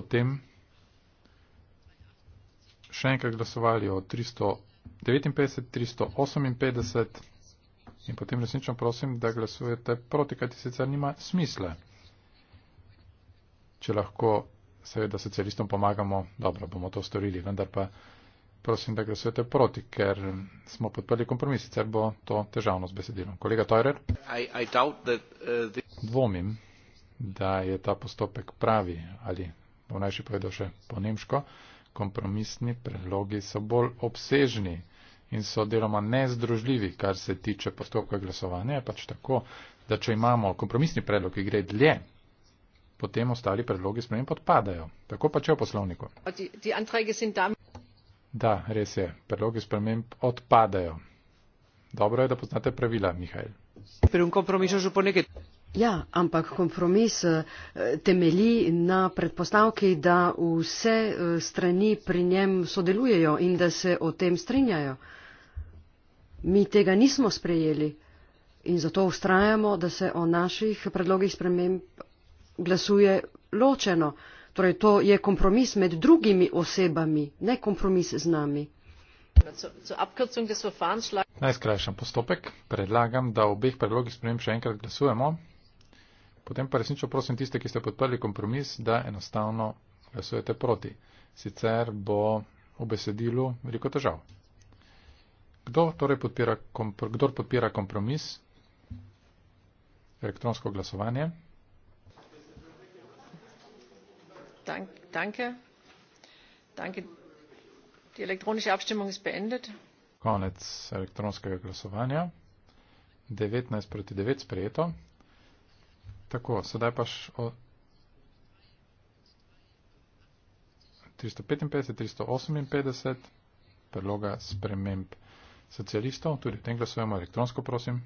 Speaker 5: še enkrat glasovali o 359, 358 in potem resnično prosim, da glasujete proti, kajti sicer nima smisla. Če lahko seveda socialistom pomagamo, dobro, bomo to storili, vendar pa prosim, da glasujete proti, ker smo podprli kompromis, sicer bo to težavno z besedilom. Kolega Toirer, uh, dvomim, da je ta postopek pravi ali bo najši povedal še po nemško. Uh, kompromisni predlogi so bolj obsežni in so deloma nezdružljivi, kar se tiče postopka glasovanja. Je pač tako, da če imamo kompromisni predlog, ki gre dlje, potem ostali predlogi sprejem podpadajo. Tako pač je v poslovniku.
Speaker 3: Oh,
Speaker 5: da, res je, predlogi sprememb odpadajo. Dobro je, da poznate pravila, Mihajl.
Speaker 2: Pri kompromisu že po nekaj. Ja, ampak kompromis eh, temelji na predpostavki, da vse eh, strani pri njem sodelujejo in da se o tem strinjajo. Mi tega nismo sprejeli in zato ustrajamo, da se o naših predlogih sprememb glasuje ločeno. Torej, to je kompromis med drugimi osebami, ne kompromis z nami.
Speaker 5: Naj skrajšam postopek. Predlagam, da obeh predlogih sprememb še enkrat glasujemo potem pa resnično prosim tiste, ki ste podprli kompromis, da enostavno glasujete proti. Sicer bo v besedilu veliko težav. Kdo torej podpira, kompr kdor podpira kompromis? Elektronsko glasovanje.
Speaker 3: Dank, danke. Danke. Die elektronische Abstimmung ist beendet.
Speaker 5: Konec elektronskega glasovanja. 19 proti 9 sprejeto. Tako, sedaj pa še od 355-358 predloga sprememb socialistov, tudi v tem glasujemo elektronsko, prosim.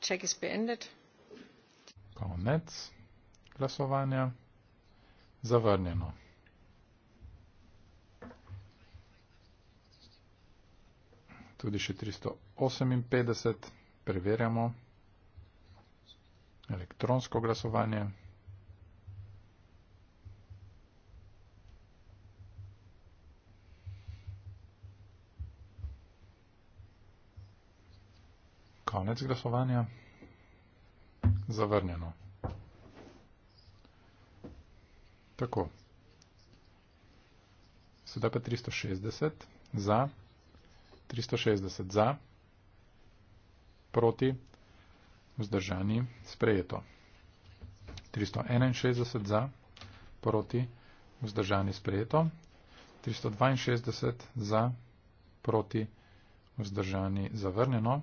Speaker 3: Check is beended.
Speaker 5: Konec glasovanja. Zavrnjeno. Tudi še 300. 58 preverjamo elektronsko glasovanje. Konec glasovanja. Zavrnjeno. Tako. Sedaj pa 360 za. 360 za proti, vzdržani, sprejeto. 361 za, proti, vzdržani, sprejeto. 362 za, proti, vzdržani, zavrnjeno.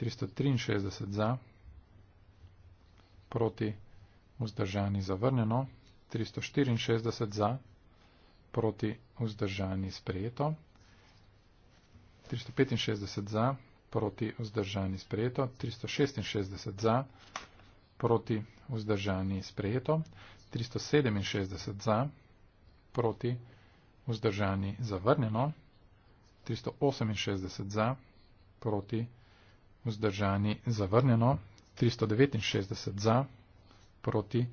Speaker 5: 363 za, proti, vzdržani, zavrnjeno. 364 za, proti, vzdržani, sprejeto. 365 za, proti, vzdržani, sprejeto. 365 za, proti vzdržani sprejeto, 366 za, proti vzdržani sprejeto, 367 za, proti vzdržani zavrnjeno, 368 za, proti vzdržani zavrnjeno, 369 za, proti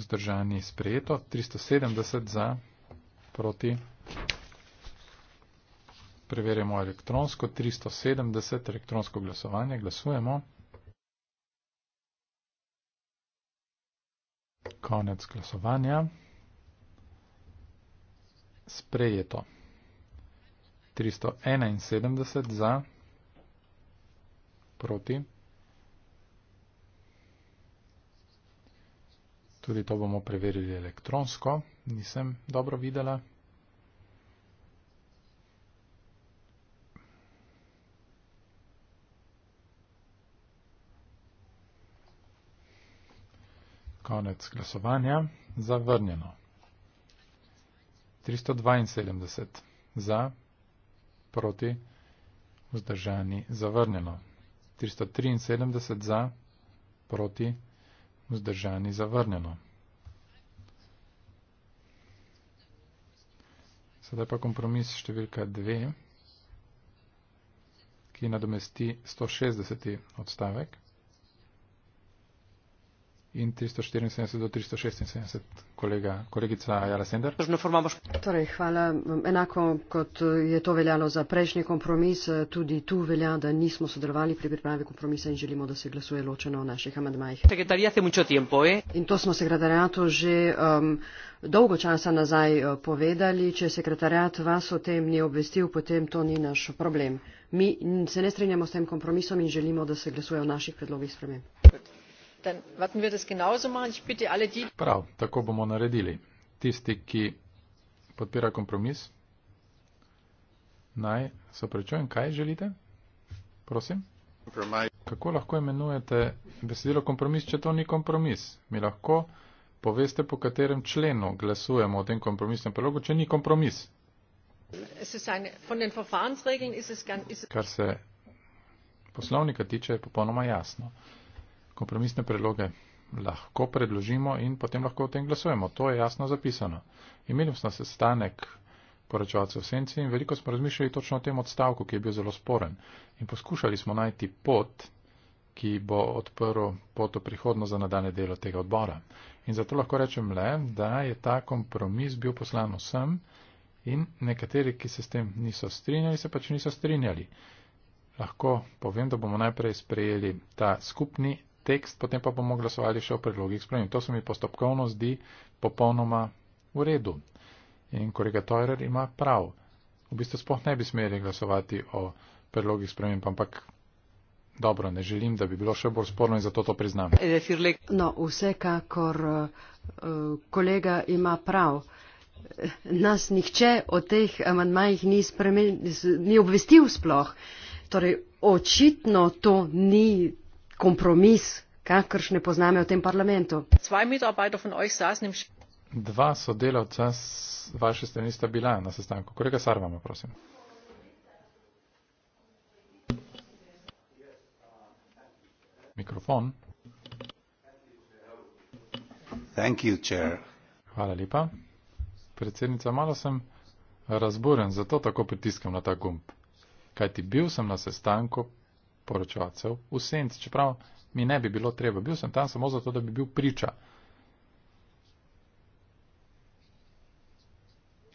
Speaker 5: vzdržani sprejeto, 370 za, proti vzdržani sprejeto preverjamo elektronsko 370, elektronsko glasovanje, glasujemo. Konec glasovanja. Sprejeto. 371 za, proti. Tudi to bomo preverili elektronsko, nisem dobro videla. konec glasovanja. Zavrnjeno. 372 za, proti, vzdržani, zavrnjeno. 373 za, proti, vzdržani, zavrnjeno. Sedaj pa kompromis številka 2, ki nadomesti 160 odstavek in 374 do 376, kolega, kolegica Jara Sender.
Speaker 2: Torej, hvala. Enako kot je to veljalo za prejšnji kompromis, tudi tu velja, da nismo sodelovali pri pripravi kompromisa in želimo, da se glasuje ločeno o naših amadmajih. Eh? In to smo sekretarjatu že um, dolgo časa nazaj uh, povedali. Če sekretarjat vas o tem ni obvestil, potem to ni naš problem. Mi se ne strinjamo s tem kompromisom in želimo, da se glasuje o naših predlogih spremem.
Speaker 5: Prav, tako bomo naredili. Tisti, ki podpira kompromis, naj se prečujem, kaj želite? Prosim. Kako lahko imenujete besedilo kompromis, če to ni kompromis? Mi lahko poveste, po katerem členu glasujemo o tem kompromisnem prelogu, če ni kompromis. Kar se poslovnika tiče, je popolnoma jasno kompromisne predloge lahko predložimo in potem lahko o tem glasujemo. To je jasno zapisano. Imeli smo sestanek poročevalcev v senci in veliko smo razmišljali točno o tem odstavku, ki je bil zelo sporen. In poskušali smo najti pot, ki bo odprl pot v prihodno za nadaljne delo tega odbora. In zato lahko rečem le, da je ta kompromis bil poslan vsem in nekateri, ki se s tem niso strinjali, se pač niso strinjali. Lahko povem, da bomo najprej sprejeli ta skupni tekst, potem pa bomo glasovali še o predlogih sprememb. To se mi postopkovno zdi popolnoma v redu. In kolega Teurer ima prav. V bistvu spoh ne bi smeli glasovati o predlogih sprememb, ampak dobro, ne želim, da bi bilo še bolj sporno in zato to priznam.
Speaker 2: No, vsekakor eh, kolega ima prav. Nas nihče o teh amandmajih ni, spremen, ni obvestil sploh. Torej, očitno to ni kompromis, kakršne poznamo v tem parlamentu.
Speaker 5: Dva sodelavca z vaše strani sta bila na sestanku. Kolega Sarvama, prosim. Mikrofon. Thank you, chair. Hvala lepa. Predsednica, malo sem razburjen, zato tako pritiskam na ta gumb. Kajti bil sem na sestanku poročevalcev v senci, čeprav mi ne bi bilo treba. Bil sem tam samo zato, da bi bil priča.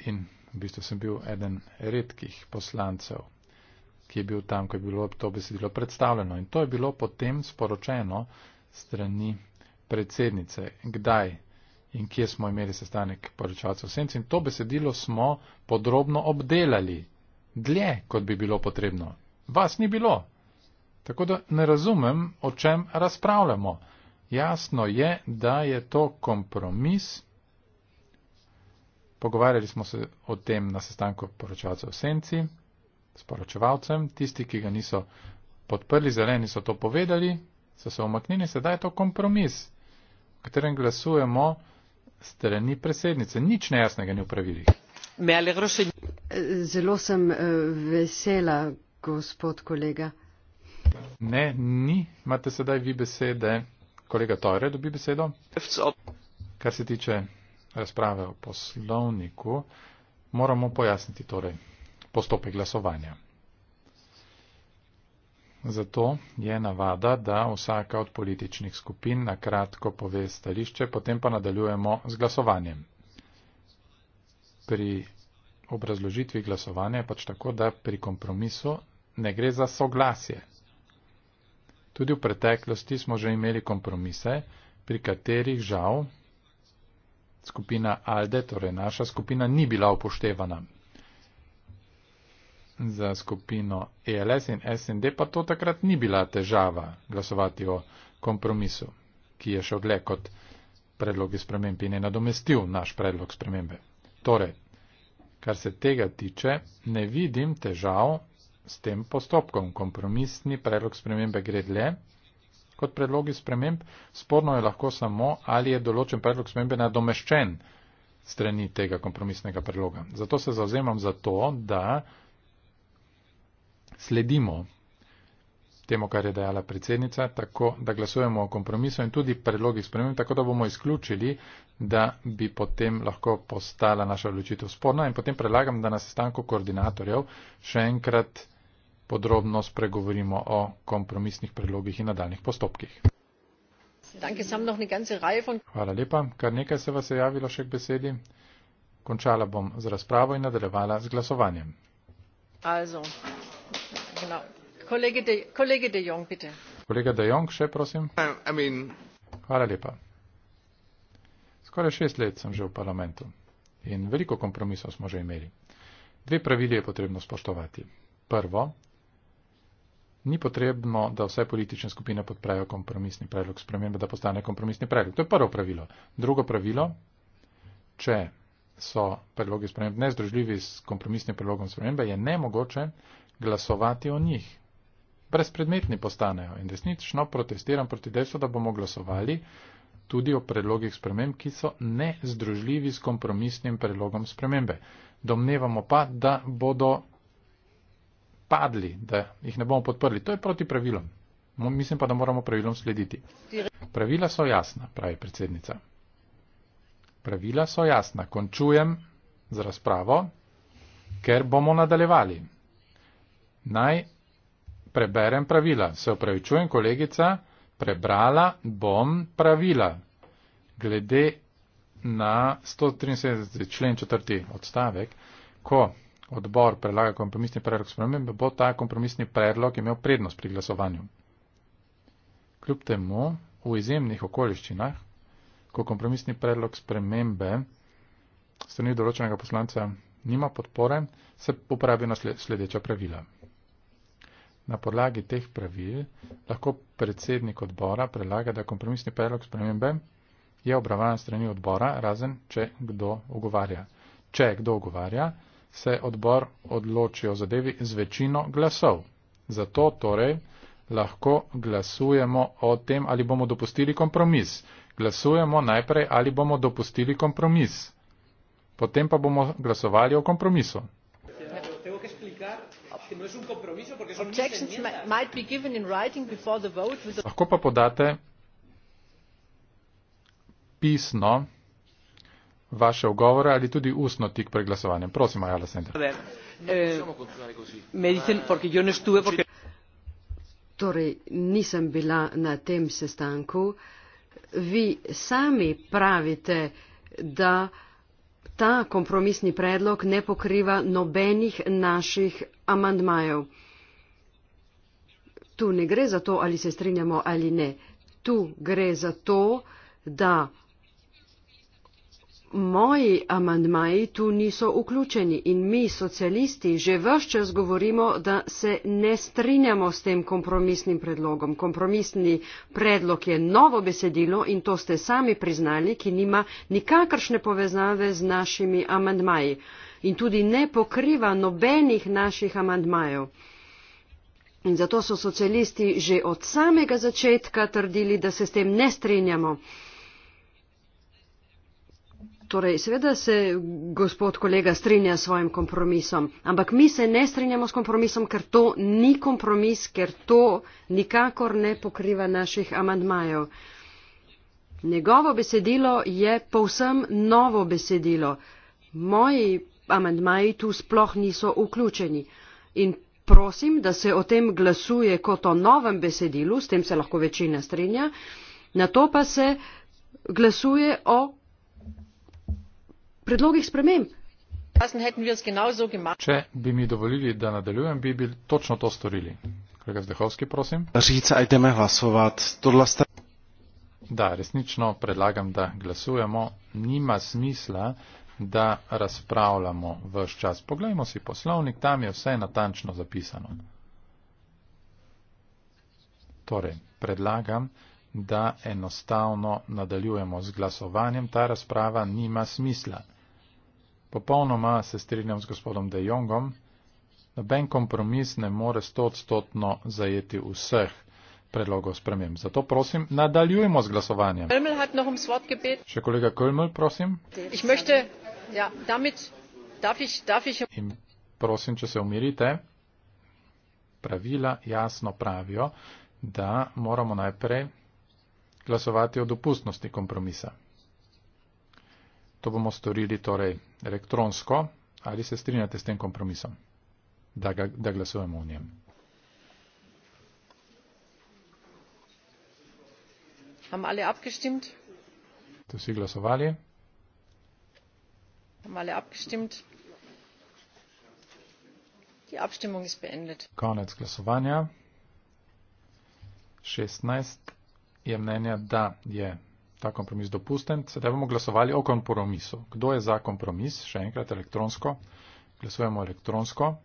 Speaker 5: In v bistvu sem bil eden redkih poslancev, ki je bil tam, ko je bilo to besedilo predstavljeno. In to je bilo potem sporočeno strani predsednice, kdaj in kje smo imeli sestanek poročevalcev v senci. In to besedilo smo podrobno obdelali, dlje, kot bi bilo potrebno. Vas ni bilo, Tako da ne razumem, o čem razpravljamo. Jasno je, da je to kompromis. Pogovarjali smo se o tem na sestanku poročevalcev v Senci s poročevalcem. Tisti, ki ga niso podprli, zeleni so to povedali, so se omaknili, sedaj je to kompromis, v katerem glasujemo strani predsednice. Nič nejasnega ni v pravilih.
Speaker 2: Zelo sem eh, vesela, gospod kolega.
Speaker 5: Ne, ni. Imate sedaj vi besede, kolega Tore dobi besedo. Kar se tiče razprave o poslovniku, moramo pojasniti torej postopek glasovanja. Zato je navada, da vsaka od političnih skupin na kratko pove stališče, potem pa nadaljujemo z glasovanjem. Pri obrazložitvi glasovanja je pač tako, da pri kompromisu ne gre za soglasje, Tudi v preteklosti smo že imeli kompromise, pri katerih žal skupina Alde, torej naša skupina, ni bila upoštevana. Za skupino ELS in SND pa to takrat ni bila težava glasovati o kompromisu, ki je šel dlje kot predlog iz spremembe in je nadomestil naš predlog spremembe. Torej, kar se tega tiče, ne vidim težav s tem postopkom. Kompromisni predlog spremembe gre dlje. Kot predlogi sprememb sporno je lahko samo, ali je določen predlog spremembe nadomeščen strani tega kompromisnega predloga. Zato se zauzemam za to, da sledimo temu, kar je dejala predsednica, tako da glasujemo o kompromisu in tudi predlogih sprememb, tako da bomo izključili, da bi potem lahko postala naša odločitev sporna in potem predlagam, da na sestanku koordinatorjev še enkrat podrobno spregovorimo o kompromisnih predlogih in nadaljnih postopkih. Hvala lepa. Kar nekaj se vas je javilo še k besedi. Končala bom z razpravo in nadaljevala z glasovanjem.
Speaker 3: Also, genau. Kolege de, kolege de Jong, bitte.
Speaker 5: Kolega De Jong, še prosim. I mean... Hvala lepa. Skoraj šest let sem že v parlamentu in veliko kompromisov smo že imeli. Dve pravili je potrebno spoštovati. Prvo, ni potrebno, da vse politične skupine podprejo kompromisni predlog spremembe, da postane kompromisni predlog. To je prvo pravilo. Drugo pravilo, če so predlogi spremembe nezdružljivi s kompromisnim predlogom spremembe, je nemogoče glasovati o njih. Brezpredmetni postanejo in desnično protestiram proti dejstvu, da bomo glasovali tudi o predlogih sprememb, ki so nezdružljivi s kompromisnim predlogom spremembe. Domnevamo pa, da bodo padli, da jih ne bomo podprli. To je proti pravilom. Mislim pa, da moramo pravilom slediti. Pravila so jasna, pravi predsednica. Pravila so jasna. Končujem z razpravo, ker bomo nadaljevali. Naj preberem pravila. Se opravičujem, kolegica, prebrala bom pravila. Glede na 173 člen četrti odstavek, ko odbor predlaga kompromisni predlog spremembe, bo ta kompromisni predlog imel prednost pri glasovanju. Kljub temu, v izjemnih okoliščinah, ko kompromisni predlog spremembe strani določenega poslanca nima podpore, se uporabi na sledeča pravila. Na podlagi teh pravil lahko predsednik odbora predlaga, da kompromisni predlog spremembe je obravnavan strani odbora, razen če kdo ogovarja. Če kdo ogovarja, se odbor odloči o zadevi z večino glasov. Zato torej lahko glasujemo o tem, ali bomo dopustili kompromis. Glasujemo najprej, ali bomo dopustili kompromis. Potem pa bomo glasovali o kompromisu.
Speaker 1: No
Speaker 3: lahko
Speaker 5: pa podate pismo, vaše ugovore ali tudi ustno tik pred glasovanjem. Prosim, Ajala
Speaker 1: Sender. Eh, no
Speaker 2: torej, nisem bila na tem sestanku. Vi sami pravite, da ta kompromisni predlog ne pokriva nobenih naših amandmajev. Tu ne gre za to, ali se strinjamo ali ne. Tu gre za to, da moji amandmaji tu niso vključeni in mi socialisti že ves čas govorimo da se ne strinjamo s tem kompromisnim predlogom kompromisni predlog je novo besedilo in to ste sami priznali ki nima nikakršne povezave z našimi amandmaji in tudi ne pokriva nobenih naših amandmajev in zato so socialisti že od samega začetka trdili da se s tem ne strinjamo. Torej, seveda se gospod kolega strinja s svojim kompromisom, ampak mi se ne strinjamo s kompromisom, ker to ni kompromis, ker to nikakor ne pokriva naših amandmajev. Njegovo besedilo je povsem novo besedilo. Moji amandmaji tu sploh niso vključeni. In prosim, da se o tem glasuje kot o novem besedilu, s tem se lahko večina strinja, na to pa se glasuje o predlogih sprememb.
Speaker 5: Če bi mi dovolili, da nadaljujem, bi bili točno to storili. Kolega Zdehovski, prosim. Da, resnično predlagam, da glasujemo. Nima smisla, da razpravljamo vse čas. Poglejmo si poslovnik, tam je vse natančno zapisano. Torej, predlagam, da enostavno nadaljujemo z glasovanjem. Ta razprava nima smisla. Popolnoma se strinjam z gospodom De Jongom, noben kompromis ne more stotstotno zajeti vseh predlogov spremem. Zato prosim, nadaljujemo z glasovanjem. Še kolega Kölmel, prosim.
Speaker 3: Möchte, ja, damit, darf ich, darf ich... In
Speaker 5: prosim, če se umirite, pravila jasno pravijo, da moramo najprej glasovati o dopustnosti kompromisa. To bomo storili torej elektronsko. Ali se strinjate s tem kompromisom, da, ga, da glasujemo v njem?
Speaker 3: Haben alle abgestimmt?
Speaker 5: Das Sie glasovali?
Speaker 3: Haben alle abgestimmt? Die Abstimmung ist beendet.
Speaker 5: Konec glasovanja. 16 je mnenja, da je ta kompromis dopusten. Sedaj bomo glasovali o kompromisu. Kdo je za kompromis? Še enkrat elektronsko. Glasujemo elektronsko.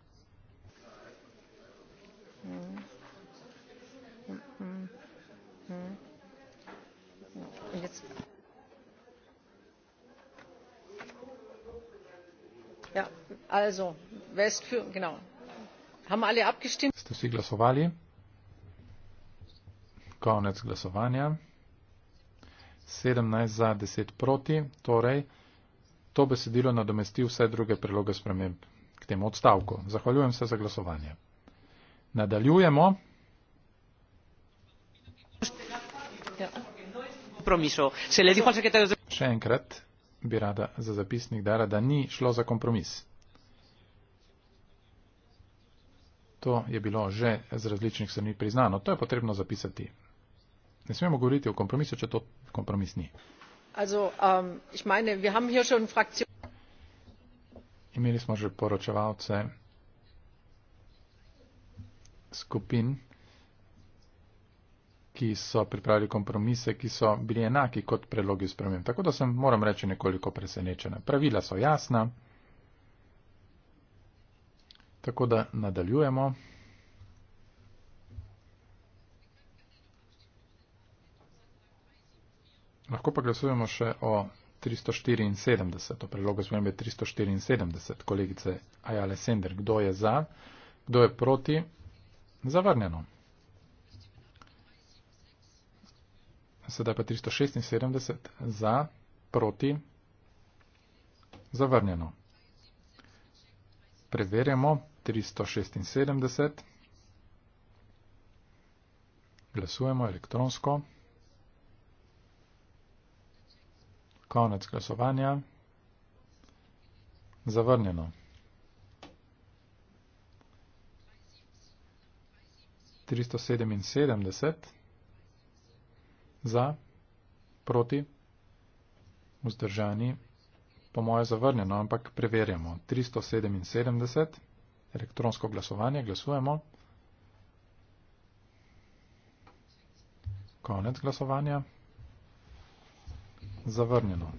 Speaker 3: Ja, also, für, genau. Haben alle abgestimmt? Ste vsi
Speaker 5: glasovali? Konec glasovanja. 17 za 10 proti, torej to besedilo nadomesti vse druge priloge sprememb k temu odstavku. Zahvaljujem se za glasovanje. Nadaljujemo. Še enkrat bi rada za zapisnik dala, da ni šlo za kompromis. To je bilo že z različnih strani priznano. To je potrebno zapisati ne smemo govoriti o kompromisu, če to kompromis ni.
Speaker 3: Also, um, ich meine, wir haben hier schon
Speaker 5: Imeli smo že poročevalce skupin, ki so pripravili kompromise, ki so bili enaki kot predlogi sprememb. Tako da sem, moram reči, nekoliko presenečena. Pravila so jasna. Tako da nadaljujemo. Lahko pa glasujemo še o 374, o predlogu spremembe 374. Kolegice Ajale Sender, kdo je za, kdo je proti? Zavrnjeno. Sedaj pa 376 za, proti, zavrnjeno. Preverjamo 376. Glasujemo elektronsko. Konec glasovanja. Zavrnjeno. 377 za, proti, vzdržani, po moje zavrnjeno, ampak preverjamo. 377, elektronsko glasovanje, glasujemo. Konec glasovanja zavrnjeno.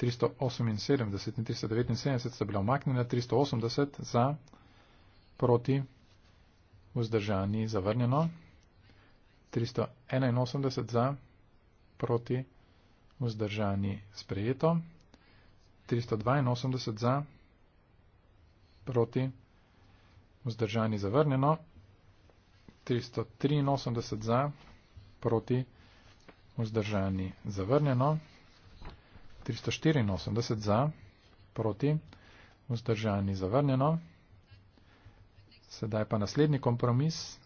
Speaker 5: 378 in 379 sta bila omaknjena, 380 za, proti, vzdržani, zavrnjeno, 381 za, proti, vzdržani, sprejeto, 382 za, proti, vzdržani, zavrnjeno, 383 za, proti, vzdržani, zavrnjeno, vzdržani zavrnjeno, 384 za, proti, vzdržani zavrnjeno. Sedaj pa naslednji kompromis,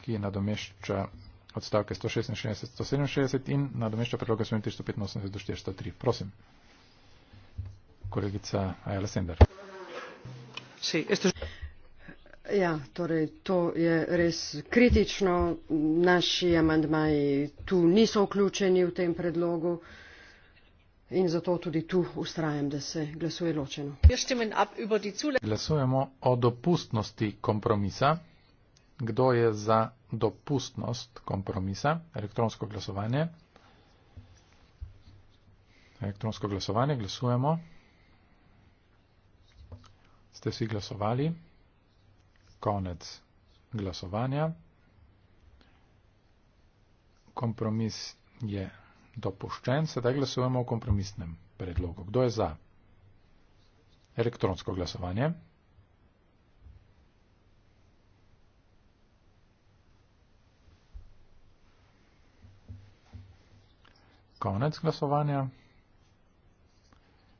Speaker 5: ki nadomešča odstavke 166-167 in nadomešča predloga 385 do 403. Prosim, kolegica Ajala Sender.
Speaker 2: Sí, esto es... Ja, torej to je res kritično. Naši amandmaji tu niso vključeni v tem predlogu in zato tudi tu ustrajam, da se glasuje ločeno.
Speaker 5: Glasujemo o dopustnosti kompromisa. Kdo je za dopustnost kompromisa? Elektronsko glasovanje. Elektronsko glasovanje glasujemo. Ste vsi glasovali? konec glasovanja. Kompromis je dopuščen, sedaj glasujemo o kompromisnem predlogu. Kdo je za elektronsko glasovanje? Konec glasovanja.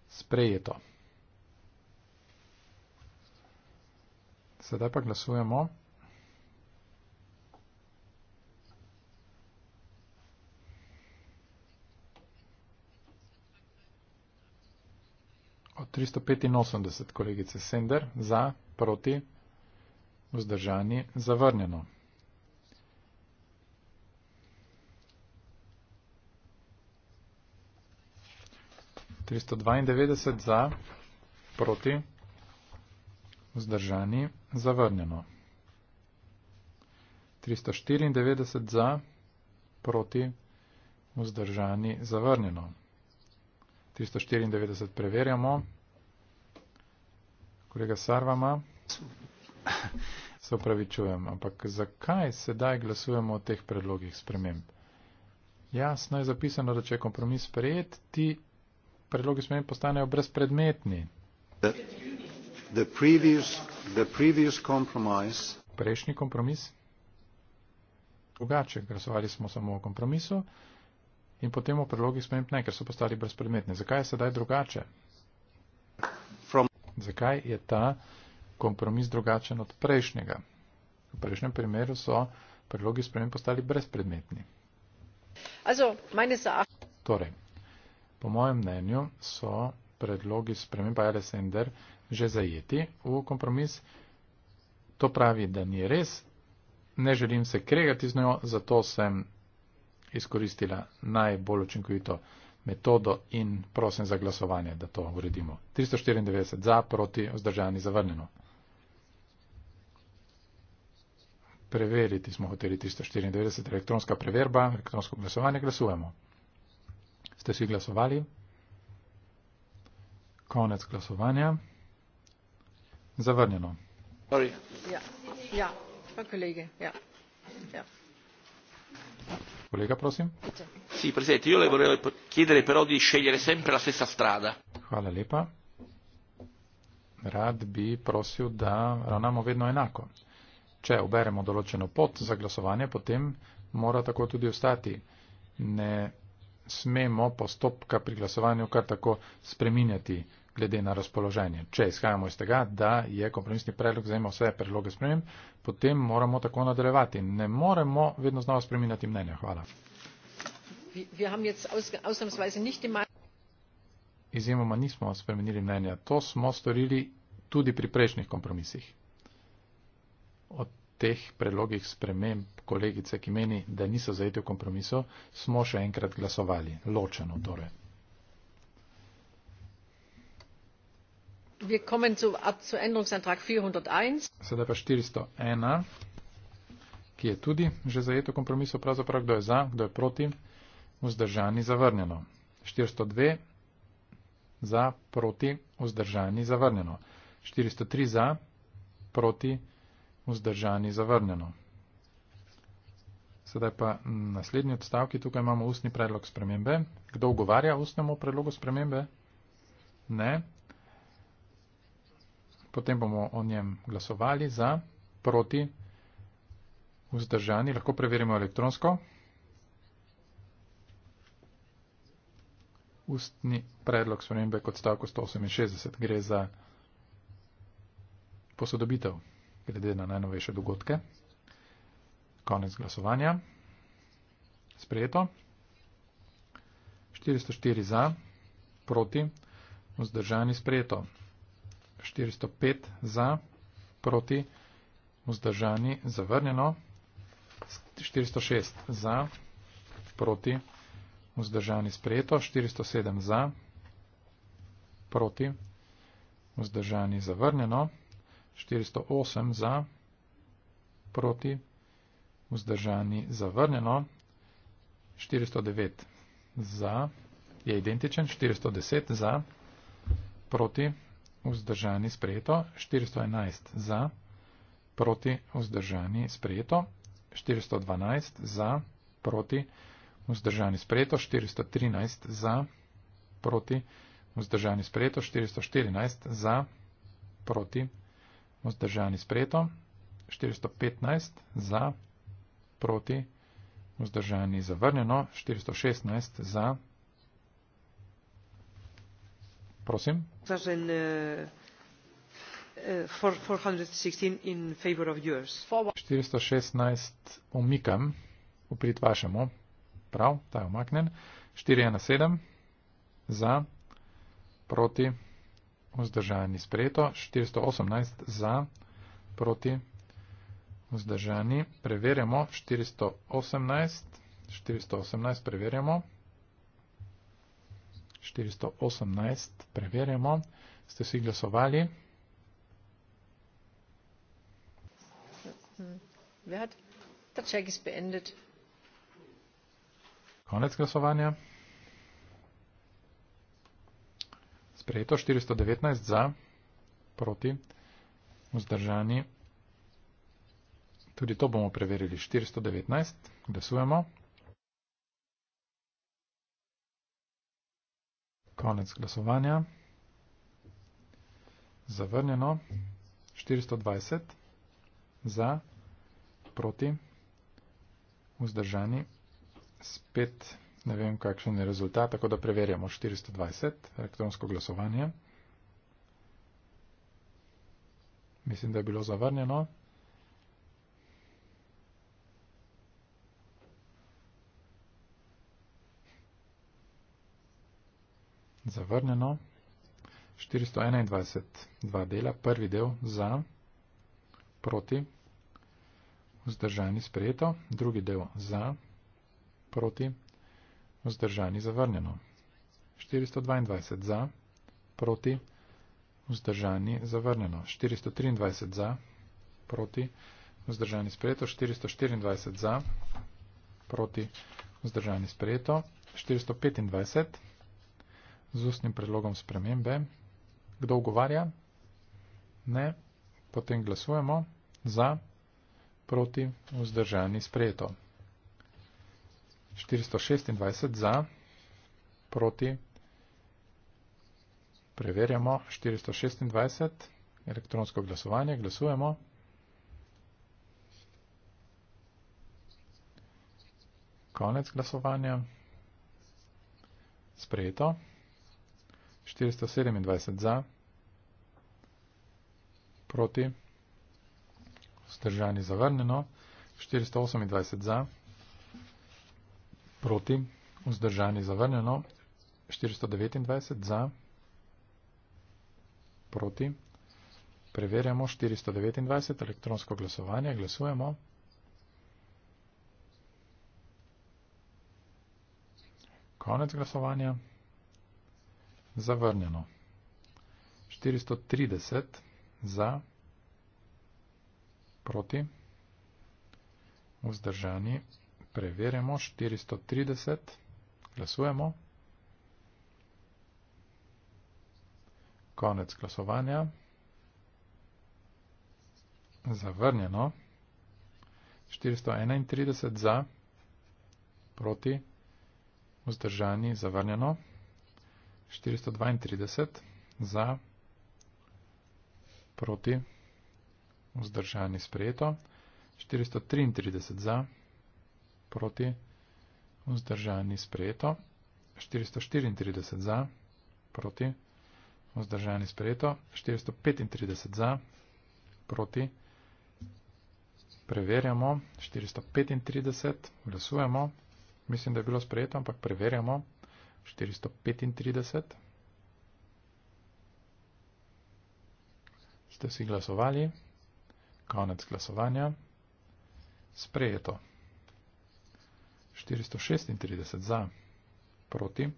Speaker 5: Sprejeto. Sedaj pa glasujemo. Od 385 kolegice Sender za, proti, vzdržani, zavrnjeno. Tristo dvaindevetdeset za, proti, vzdržani zavrnjeno. 394 za, proti, vzdržani, zavrnjeno. 394 preverjamo. Kolega Sarvama, se upravičujem, ampak zakaj sedaj glasujemo o teh predlogih sprememb? Jasno je zapisano, da če je kompromis sprejet, ti predlogi sprememb postanejo brezpredmetni. Da prejšnji kompromis. Drugače, glasovali smo samo o kompromisu in potem o predlogih sprememb ne, ker so postali brezpredmetni. Zakaj je sedaj drugače? Zakaj je ta kompromis drugačen od prejšnjega? V prejšnjem primeru so predlogi sprememb postali brezpredmetni. Torej, po mojem mnenju so predlogi sprememb Alessandra že zajeti v kompromis. To pravi, da ni res, ne želim se kregati z njo, zato sem izkoristila najbolj učinkovito metodo in prosim za glasovanje, da to uredimo. 394 za, proti, vzdržani, zavrnjeno. Preveriti smo hoteli 394, elektronska preverba, elektronsko glasovanje, glasujemo. Ste si glasovali? Konec glasovanja zavrnjeno.
Speaker 3: Ja, ja, ja.
Speaker 5: Kolega, prosim.
Speaker 1: Sì, presidente, io le vorrei chiedere
Speaker 4: però di scegliere sempre la stessa strada.
Speaker 5: Hvala lepa. Rad bi prosil, da ravnamo vedno enako. Če uberemo določeno pot za glasovanje, potem mora tako tudi ostati. Ne smemo postopka pri glasovanju kar tako spreminjati glede na razpoloženje. Če izhajamo iz tega, da je kompromisni predlog zajemal vse predloge sprememb, potem moramo tako nadaljevati. Ne moremo vedno znova spreminjati mnenja. Hvala. Izjemoma nismo spremenili mnenja. To smo storili tudi pri prejšnjih kompromisih. O teh predlogih sprememb kolegice, ki meni, da niso zajeti v kompromisu, smo še enkrat glasovali. Ločeno torej.
Speaker 3: Wir kommen zu, ab zu Änderungsantrag 401.
Speaker 5: Sedaj pa 401, ki je tudi že zajeto kompromisu, pravzaprav kdo je za, kdo je proti, vzdržani zavrnjeno. 402 za, proti, vzdržani zavrnjeno. 403 za, proti, vzdržani zavrnjeno. Sedaj pa naslednji odstavki, tukaj imamo ustni predlog spremembe. Kdo ugovarja ustnemu predlogu spremembe? Ne potem bomo o njem glasovali za, proti, vzdržani. Lahko preverimo elektronsko. Ustni predlog spremembe kot stavko 168 gre za posodobitev glede na najnovejše dogodke. Konec glasovanja. Sprejeto. 404 za, proti, vzdržani sprejeto. 405 za, proti, vzdržani, zavrnjeno, 406 za, proti, vzdržani, sprejeto, 407 za, proti, vzdržani, zavrnjeno, 408 za, proti, vzdržani, zavrnjeno, 409 za, je identičen, 410 za, proti, vzdržani, zavrnjeno, vzdržani sprejeto, 411 za, proti vzdržani sprejeto, 412 za, proti vzdržani sprejeto, 413 za, proti vzdržani sprejeto, 414 za, proti vzdržani sprejeto, 415 za, proti vzdržani zavrnjeno, 416 za, proti vzdržani sprejeto. Prosim. Štiristošestnajst omikam v prid vašemu. Prav, ta je omaknen. Štiri je na sedem. Za, proti, vzdržani sprejeto. Štiristoosemnajst za, proti, vzdržani. Preverjamo. Štiristoosemnajst. Štiristoosemnajst preverjamo. 418, preverjamo, ste si glasovali. Hm, Konec glasovanja. Sprejeto 419 za, proti, vzdržani. Tudi to bomo preverili. 419, glasujemo. Konec glasovanja. Zavrnjeno 420 za, proti, vzdržani. Spet ne vem, kakšen je rezultat, tako da preverjamo 420 elektronsko glasovanje. Mislim, da je bilo zavrnjeno. zavrnjeno. 421 dva dela, prvi del za, proti, vzdržani sprejeto, drugi del za, proti, vzdržani zavrnjeno. 422 za, proti, vzdržani zavrnjeno. 423 za, proti, vzdržani sprejeto. 424 za, proti, vzdržani sprejeto. 425 z ustnim predlogom spremembe. Kdo ugovarja? Ne. Potem glasujemo za, proti, vzdržani, sprejeto. 426 za, proti, preverjamo 426, elektronsko glasovanje, glasujemo. Konec glasovanja, sprejeto. 427 za, proti, vzdržani zavrnjeno, 428 za, proti, vzdržani zavrnjeno, 429 za, proti, preverjamo 429 elektronsko glasovanje, glasujemo, konec glasovanja, Zavrnjeno. 430 za, proti, vzdržani, preverjamo, 430, glasujemo, konec glasovanja, zavrnjeno, 431 za, proti, vzdržani, zavrnjeno, zavrnjeno, 432 za, proti, vzdržani sprejeto, 433 za, proti, vzdržani sprejeto, 434 za, proti, vzdržani sprejeto, 435 za, proti, preverjamo, 435, glasujemo, mislim, da je bilo sprejeto, ampak preverjamo, 435, 435. Ste si glasovali? Konec glasovanja. Sprejeto. 436 za. Proti.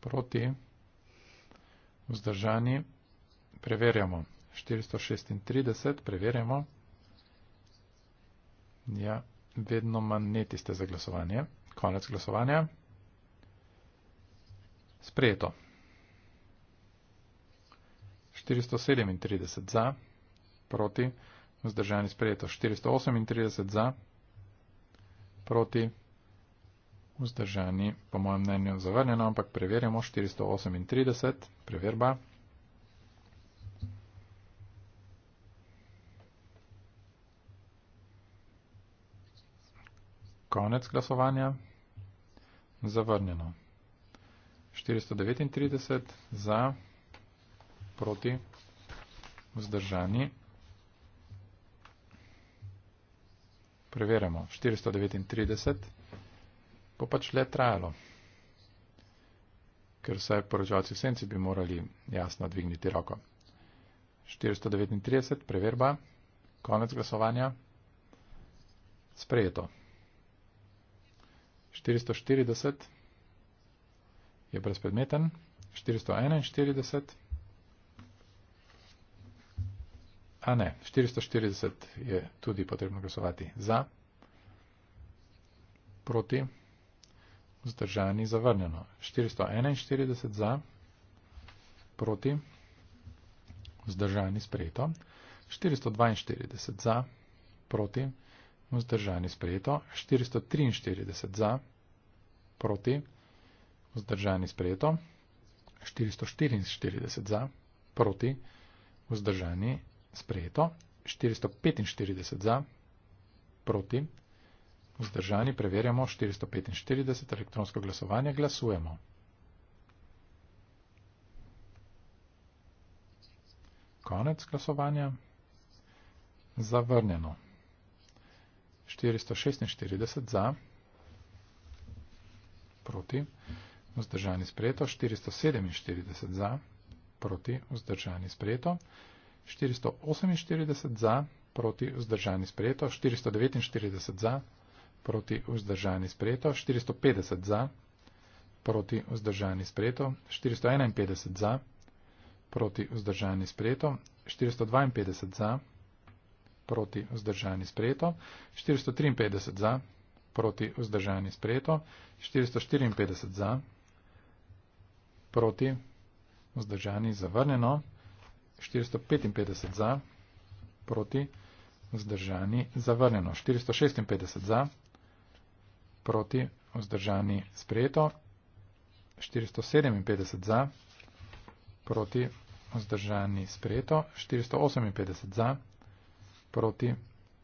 Speaker 5: Proti. Vzdržani. Preverjamo. 436 preverjamo. Ja vedno manj netiste za glasovanje. Konec glasovanja. Sprejeto. 437 za, proti, vzdržani sprejeto. 438 za, proti, vzdržani, po mojem mnenju zavrnjeno, ampak preverjamo 438, preverba. Konec glasovanja. Zavrnjeno. 439 za, proti, vzdržani. Preverjamo. 439 bo pač le trajalo. Ker vse poročevalci v senci bi morali jasno dvigniti roko. 439, preverba, konec glasovanja, sprejeto. 440 je brezpredmeten, 441, a ne, 440 je tudi potrebno glasovati za, proti, vzdržani, zavrnjeno. 441 za, proti, vzdržani, sprejeto. 442 za, proti, vzdržani, sprejeto vzdržani sprejeto, 443 za, proti, vzdržani sprejeto, 444 za, proti, vzdržani sprejeto, 445 za, proti, vzdržani preverjamo, 445 elektronsko glasovanje glasujemo. Konec glasovanja. Zavrnjeno. 446 za, proti, vzdržani sprejeto, 447 za, proti, vzdržani sprejeto, 448 za, proti, vzdržani sprejeto, 449 za, proti, vzdržani sprejeto, 450 za, proti, vzdržani sprejeto, 451 za, proti, vzdržani sprejeto, 452 za, proti, proti vzdržani sprejeto, 453 za, proti vzdržani sprejeto, 454 za, proti vzdržani zavrnjeno, 455 za, proti vzdržani zavrnjeno, 456 za, proti vzdržani sprejeto, 457 za, proti vzdržani sprejeto, 458 za, proti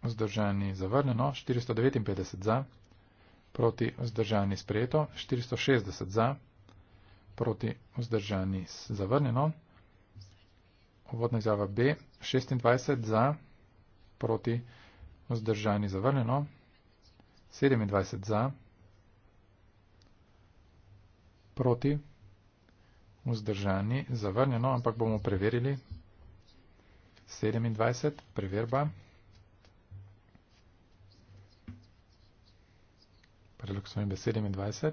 Speaker 5: vzdržani zavrnjeno, 459 za, proti vzdržani sprejeto, 460 za, proti vzdržani zavrnjeno, uvodna izjava B, 26 za, proti vzdržani zavrnjeno, 27 za, proti vzdržani zavrnjeno, ampak bomo preverili, 27, preverba. Preloksujembe 27,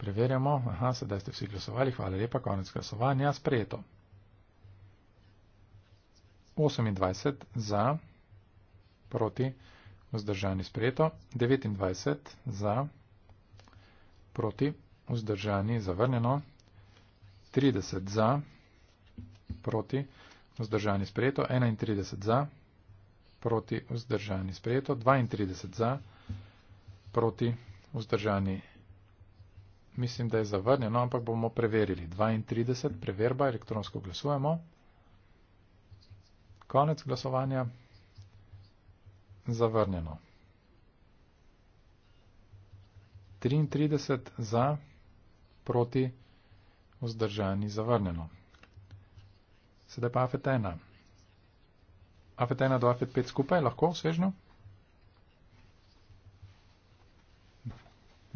Speaker 5: preverjamo. Aha, sedaj ste vsi glasovali, hvala lepa, konec glasovanja, sprejeto. 28 za, proti, vzdržani, sprejeto. 29 za, proti, vzdržani, zavrnjeno. 30 za, proti, vzdržani. Vzdržani sprejeto, 31 za, proti vzdržani sprejeto, 32 za, proti vzdržani. Mislim, da je zavrnjeno, ampak bomo preverili. 32, preverba, elektronsko glasujemo. Konec glasovanja, zavrnjeno. 33 za, proti vzdržani, zavrnjeno. Sedaj pa afet ena. Afet ena do afet pet skupaj, lahko, svežno?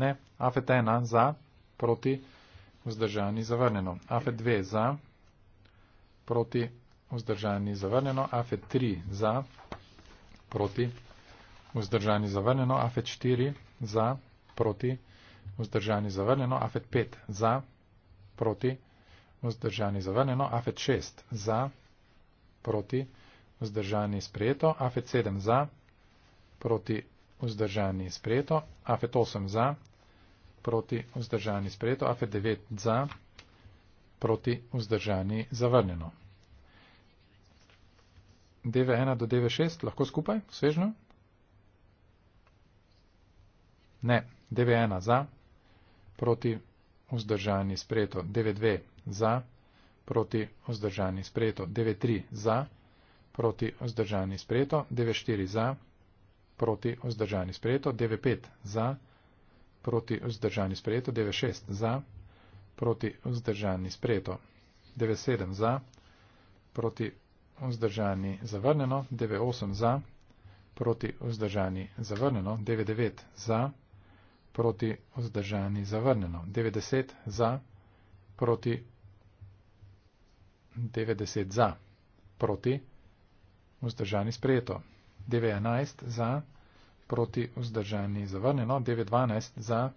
Speaker 5: Ne, afet ena za, proti, vzdržani, zavrnjeno. Afet dve za, proti, vzdržani, zavrnjeno. Afet tri za, proti, vzdržani, zavrnjeno. Afet štiri za, proti, vzdržani, zavrnjeno. Afet pet za, proti, vzdržani, zavrnjeno vzdržani zavrnjeno, afet 6 za, proti, vzdržani sprejeto, afet 7 za, proti, vzdržani sprejeto, afet 8 za, proti, vzdržani sprejeto, afet 9 za, proti, vzdržani zavrnjeno. DV1 do DV6 lahko skupaj, svežno? Ne, DV1 za, proti, vzdržani sprejeto, DV2 za, proti vzdržani sprejeto, 9-3 za, proti vzdržani sprejeto, 9-4 za, proti vzdržani sprejeto, 9-5 za, proti vzdržani sprejeto, 9-6 za, proti vzdržani sprejeto, 9-7 za, proti vzdržani zavrnjeno, 9-8 za, proti vzdržani zavrnjeno, 9-9 za, proti vzdržani zavrnjeno, 9-10 za, proti vzdržani zavrnjeno, 90 za, proti, vzdržani sprejeto, 911 za, proti, vzdržani zavrnjeno, 912 za,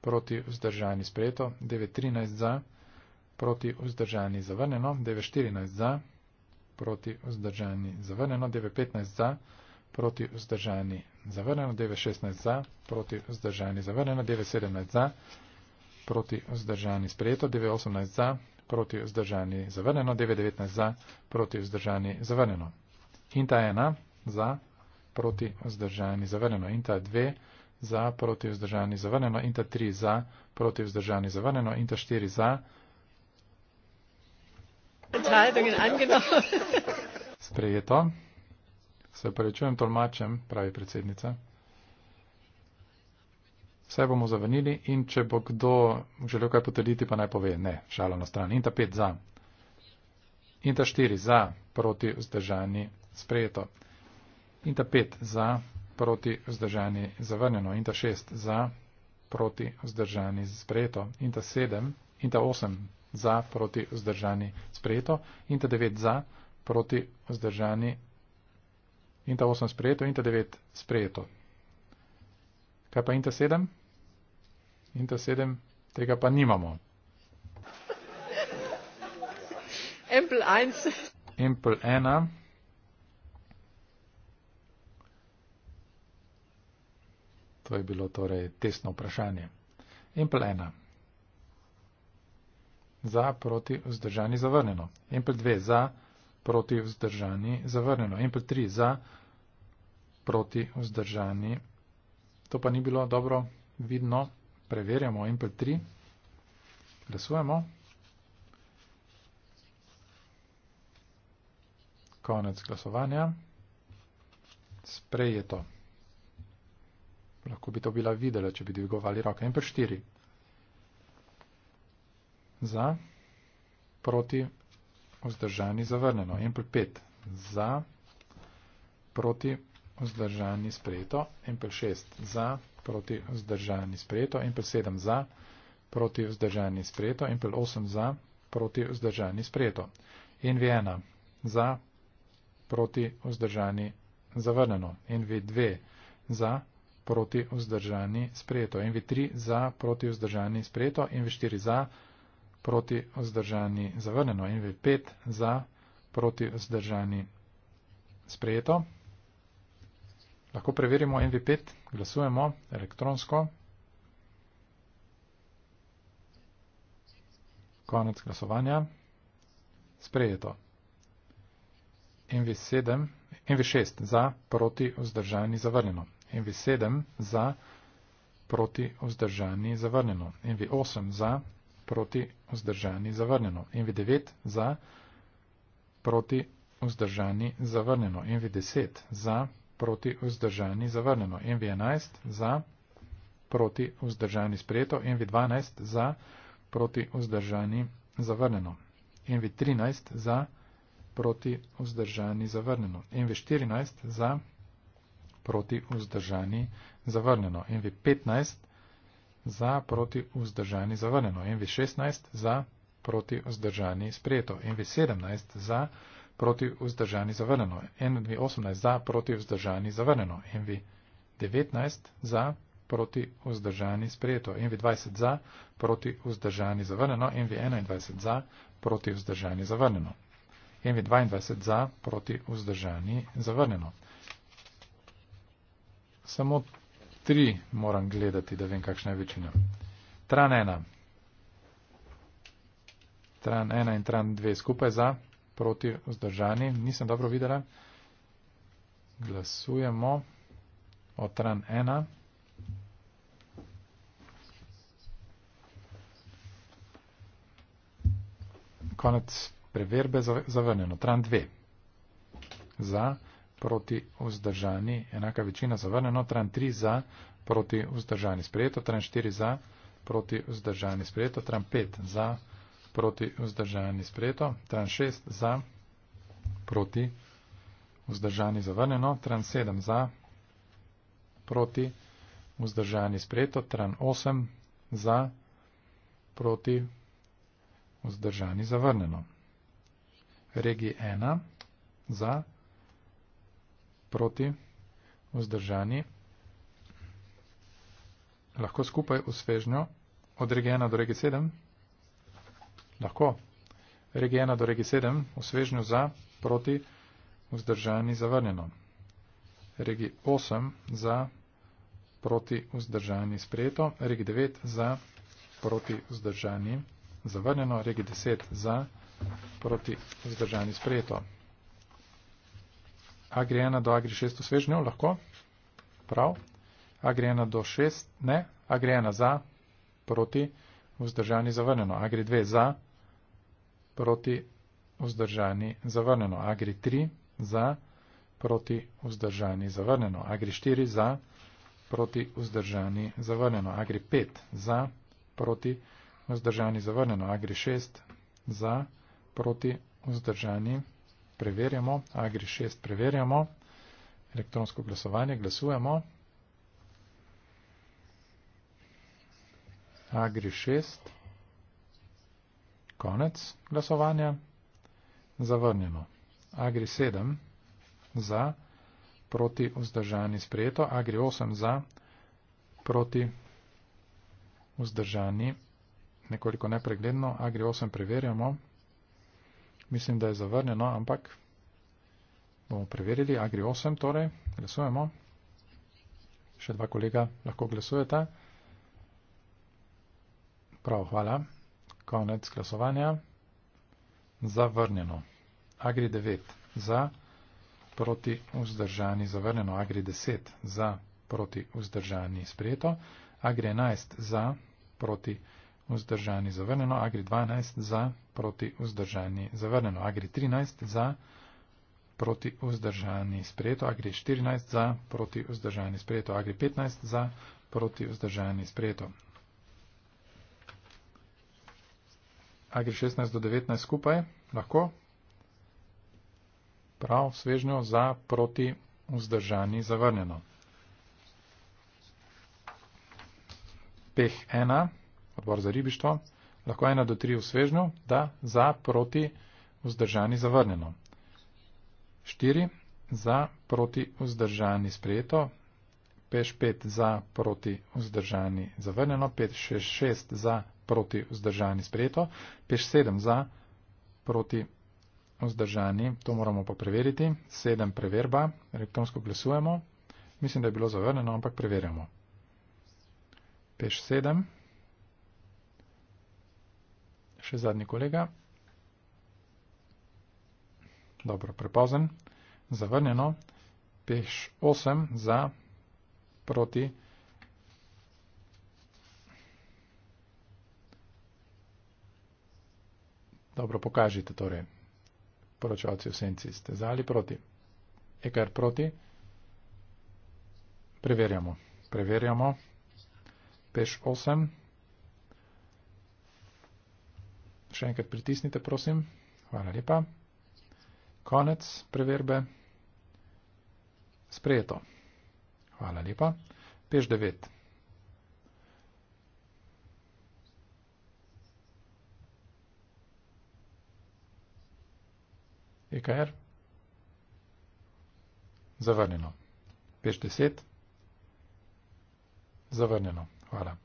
Speaker 5: proti, vzdržani sprejeto, 913 za, proti, vzdržani zavrnjeno, 914 za, proti, vzdržani zavrnjeno, 915 za, proti, vzdržani zavrnjeno, 916 za, proti, vzdržani zavrnjeno, 917 za, proti, vzdržani sprejeto, 918 za, proti vzdržani zavrnjeno, 9.19 za proti vzdržani zavrnjeno. In ta ena za proti vzdržani zavrnjeno. In ta dve za proti vzdržani zavrnjeno. In ta tri za proti vzdržani zavrnjeno. In ta štiri za. Sprejeto. Se pravi, čujem tolmačem, pravi predsednica vse bomo zavrnili in če bo kdo želel kaj potrditi, pa naj pove ne, šalo na stran. Inta 5 za. Inta 4 za, proti vzdržani sprejeto. Inta 5 za, proti vzdržani zavrnjeno. Inta 6 za, proti vzdržani sprejeto. Inta 7, inta 8 za, proti vzdržani sprejeto. Inta 9 za, proti vzdržani. Inta 8 sprejeto, inta 9 sprejeto. Kaj pa inta 7? in ta sedem tega pa nimamo.
Speaker 3: Empel 1.
Speaker 5: Empel 1. To je bilo torej tesno vprašanje. Empel 1. Za, proti, vzdržani, zavrnjeno. Empel 2. Za, proti, vzdržani, zavrnjeno. Empel 3. Za, proti, vzdržani. To pa ni bilo dobro vidno preverjamo MP3, glasujemo. Konec glasovanja. Sprej je to. Lahko bi to bila videla, če bi dvigovali roke. MP4. Za, proti, vzdržani, zavrnjeno. MP5. Za, proti, vzdržani, sprejeto. MP6. Za, proti, vzdržani, sprejeto proti vzdržani sprejeto in pa 7 za proti vzdržani sprejeto in pa 8 za proti vzdržani sprejeto. NV1 za proti vzdržani zavrnjeno. NV2 za proti vzdržani sprejeto. NV3 za proti vzdržani sprejeto. NV4 za proti vzdržani zavrnjeno. NV5 za proti vzdržani sprejeto. Lahko preverimo MV5, glasujemo elektronsko. Konec glasovanja. Sprejeto. MV7, MV6 za, proti, vzdržani, zavrnjeno. MV7 za, proti, vzdržani, zavrnjeno. MV8 za, proti, vzdržani, zavrnjeno. MV9 za, proti, vzdržani, zavrnjeno. MV10 za, proti, vzdržani, zavrnjeno proti vzdržani zavrnjeno. MV11 za proti vzdržani sprejeto. MV12 za proti vzdržani zavrnjeno. MV13 za proti vzdržani zavrnjeno. MV14 za proti vzdržani zavrnjeno. MV15 za proti vzdržani zavrnjeno. MV16 za proti vzdržani sprejeto. MV17 za proti vzdržani zavrnjeno proti vzdržani zavrneno, NV18 za proti vzdržani zavrneno, NV19 za proti vzdržani sprejeto, NV20 za proti vzdržani zavrneno, NV21 za proti vzdržani zavrneno, NV22 za proti vzdržani zavrneno. Samo tri moram gledati, da vem, kakšna je večina. Tran 1. Tran 1 in tran 2 skupaj za proti vzdržani. Nisem dobro videla. Glasujemo. Otran 1. Konec preverbe zavrnjeno. Otran 2. Za proti vzdržani. Enaka večina zavrnjeno. Otran 3 za proti vzdržani. Sprejeto. Otran 4 za proti vzdržani. Sprejeto. Otran 5 za proti vzdržani proti vzdržani spreto, tran 6 za, proti vzdržani zavrneno, tran 7 za, proti vzdržani spreto, tran 8 za, proti vzdržani zavrneno. Regi 1 za, proti vzdržani. Lahko skupaj usvežnjo od regi 1 do regi 7. Lahko. Regi 1 do regi 7, osvežnju za, proti, vzdržani, zavrnjeno. Regi 8, za, proti, vzdržani, sprejeto. Regi 9, za, proti, vzdržani, zavrnjeno. Regi 10, za, proti, vzdržani, sprejeto. Agri 1 do agri 6, osvežnju, lahko. Prav. Agri 1 do 6, ne. Agri 1 za, proti, vzdržani, zavrnjeno. Agri 2 za, proti proti vzdržani zavrneno. Agri 3 za proti vzdržani zavrneno. Agri 4 za proti vzdržani zavrneno. Agri 5 za proti vzdržani zavrneno. Agri 6 za proti vzdržani preverjamo. Agri 6 preverjamo. Elektronsko glasovanje glasujemo. Agri 6 preverjamo konec glasovanja. Zavrnjeno. Agri 7 za, proti vzdržani sprejeto, agri 8 za, proti vzdržani nekoliko nepregledno, agri 8 preverjamo. Mislim, da je zavrnjeno, ampak bomo preverili. Agri 8 torej, glasujemo. Še dva kolega lahko glasujeta. Prav, hvala. Konec glasovanja. Zavrnjeno. Agri 9. Za. Proti vzdržani. Zavrnjeno. Agri 10. Za. Proti vzdržani. Sprejeto. Agri 11. Za. Proti vzdržani. Zavrnjeno. Agri 12. Za. Proti vzdržani. Zavrnjeno. Agri 13. Za. Proti vzdržani. Sprejeto. Agri 14. Za. Proti vzdržani. Sprejeto. Agri 15. Za. Proti vzdržani. Sprejeto. A gre 16 do 19 skupaj? Lahko? Prav, svežnjo za, proti, vzdržani, zavrnjeno. Peh 1, odbor za ribištvo. Lahko 1 do 3 v svežnju, da, za, proti, vzdržani, zavrnjeno. 4, za, proti, vzdržani, sprejeto. Peš 5, za, proti, vzdržani, zavrnjeno. 5, 6, 6, za, proti vzdržani sprejeto, peš 7 za proti vzdržani, to moramo pa preveriti, 7 preverba, elektronsko glasujemo, mislim, da je bilo zavrneno, ampak preverjamo. Peš 7, še zadnji kolega, dobro, prepozen, zavrneno, peš 8 za proti vzdržani. Dobro, pokažite torej. Poročevalci v senci ste za ali proti? Ekar proti? Preverjamo. Preverjamo. Peš 8. Še enkrat pritisnite, prosim. Hvala lepa. Konec preverbe. Sprejeto. Hvala lepa. Peš 9. EKR. Zavrnjeno. Peš 10. Zavrnjeno. Hvala.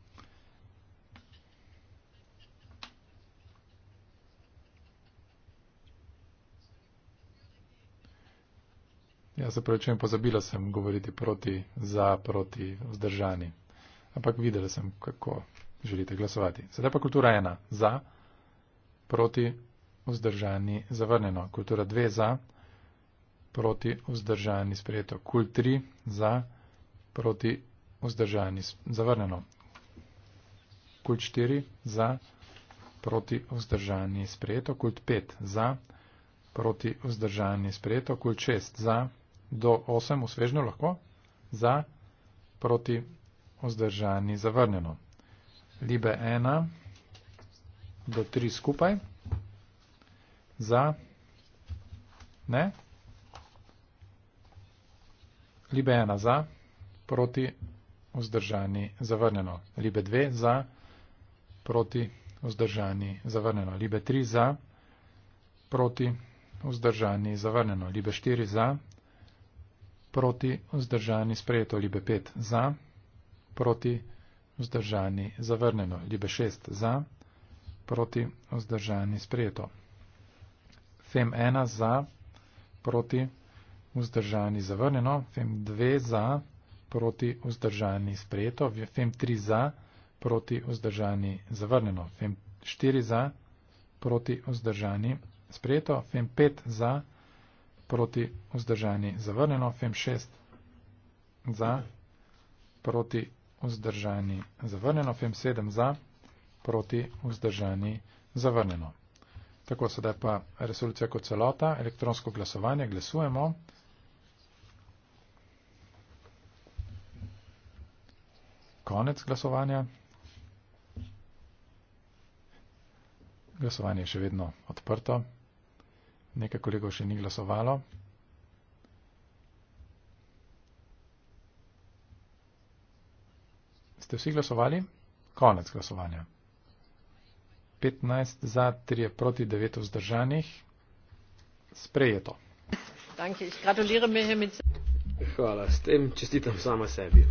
Speaker 5: Ja, se pravi, če mi pozabila sem govoriti proti, za, proti, vzdržani. Ampak videla sem, kako želite glasovati. Sedaj pa kultura ena. Za, proti, vzdržani vzdržani zavrnjeno. Kultura 2 za, proti vzdržani sprejeto. Kult 3 za, proti vzdržani zavrnjeno. Kult 4 za, proti vzdržani sprejeto. Kult 5 za, proti vzdržani sprejeto. Kult 6 za, do 8 usvežno lahko, za, proti vzdržani zavrnjeno. Libe 1 do 3 skupaj za ne, libe ena za, proti vzdržani zavrnjeno, libe dve za, proti vzdržani zavrnjeno, libe tri za, proti vzdržani zavrnjeno, libe štiri za, proti vzdržani sprejeto, libe pet za, proti vzdržani zavrnjeno, libe šest za, proti vzdržani sprejeto. FEM 1 za, proti, vzdržani zavrnjeno, FEM 2 za, proti, vzdržani sprejeto, FEM 3 za, proti, vzdržani zavrnjeno, FEM 4 za, proti, vzdržani sprejeto, FEM 5 za, proti, vzdržani zavrnjeno, FEM 6 za, proti, vzdržani zavrnjeno, FEM 7 za, proti, vzdržani zavrnjeno. Tako sedaj pa resolucija kot celota, elektronsko glasovanje, glasujemo. Konec glasovanja. Glasovanje je še vedno odprto. Nekaj kolegov še ni glasovalo. Ste vsi glasovali? Konec glasovanja. 15 za, 3 proti 9
Speaker 1: vzdržanih. Sprejeto. Hvala, s tem čestitam sama sebi.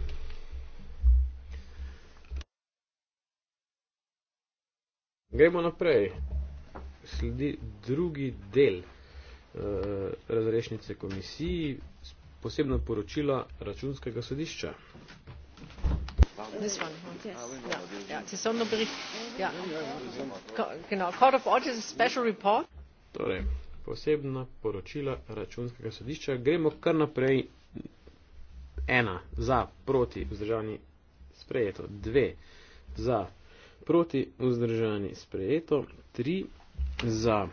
Speaker 1: Gremo naprej. Sledi drugi del uh, razrešnice komisiji, posebno poročila računskega sodišča
Speaker 3: this one. Yes. Yeah. Ja, to Sonderbericht. Ja. Genau. Court of Audit is a special report.
Speaker 1: Torej, posebna poročila računskega sodišča. Gremo kar naprej. Ena za proti vzdržani sprejeto. Dve za proti vzdržani sprejeto. Tri za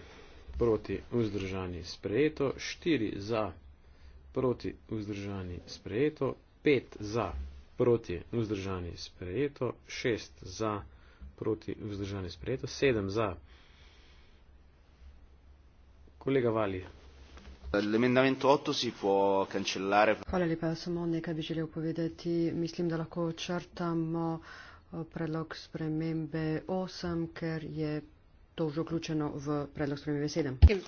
Speaker 1: proti vzdržani sprejeto. Štiri za proti vzdržani sprejeto. Pet za proti vzdržani sprejeto, 6 za proti vzdržani sprejeto, 7 za. Kolega Vali.
Speaker 2: Hvala lepa, ja samo nekaj bi želel povedati. Mislim, da lahko črtamo eh, predlog spremembe 8, ker je to že vključeno v predlog spremembe 7.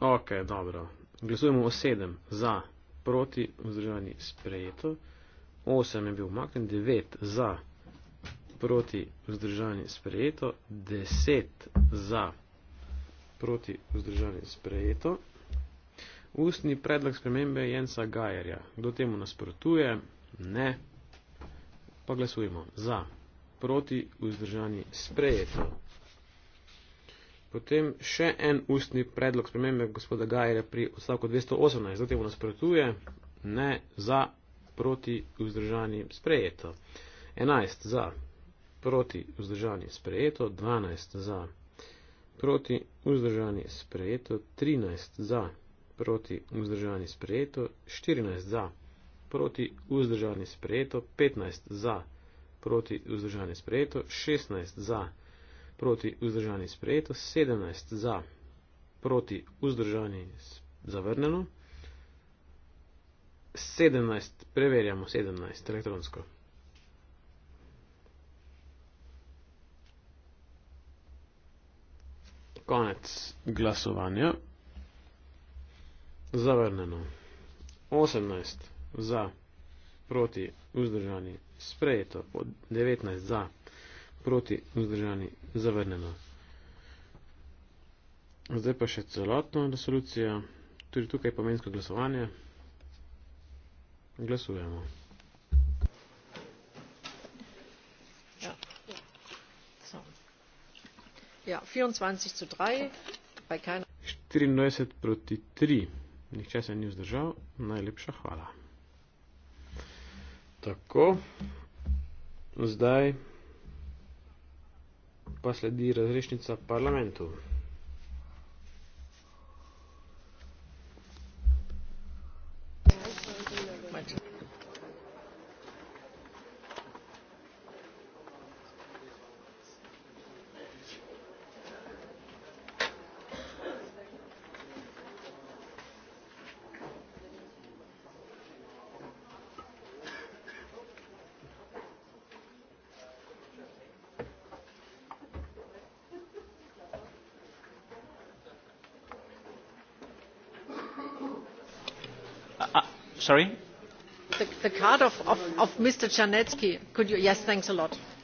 Speaker 1: Ok, dobro. Glasujemo o 7 za proti vzdržani sprejeto. 8 je bil umaknjen, 9 za proti vzdržanje sprejeto, 10 za proti vzdržanje sprejeto. Ustni predlog spremembe Jensa Gajerja. Kdo temu nasprotuje? Ne. Pa glasujemo za proti vzdržanje sprejeto. Potem še en ustni predlog spremembe gospoda Gajerja pri odstavku 218. Kdo temu nasprotuje? Ne. Za proti vzdržanim sprejeto. 11 za proti vzdržanim sprejeto, 12 za proti vzdržanim sprejeto, 13 za proti vzdržanim sprejeto, 14 za proti vzdržanim sprejeto, 15 za proti vzdržanim sprejeto, 16 za proti vzdržanim sprejeto, 17 za proti vzdržanim zavrnjeno. 17, preverjamo 17 elektronsko. Konec glasovanja. Zavrneno. 18 za, proti, vzdržani, sprejeto. 19 za, proti, vzdržani, zavrneno. Zdaj pa še celotna resolucija, tudi tukaj pomensko glasovanje. Glasujemo.
Speaker 3: Ja. So. Ja, 24 zu 3, bei keiner.
Speaker 1: 24 proti 3, nihče se ni vzdržal, najlepša hvala. Tako, zdaj pa sledi razrešnica parlamentu.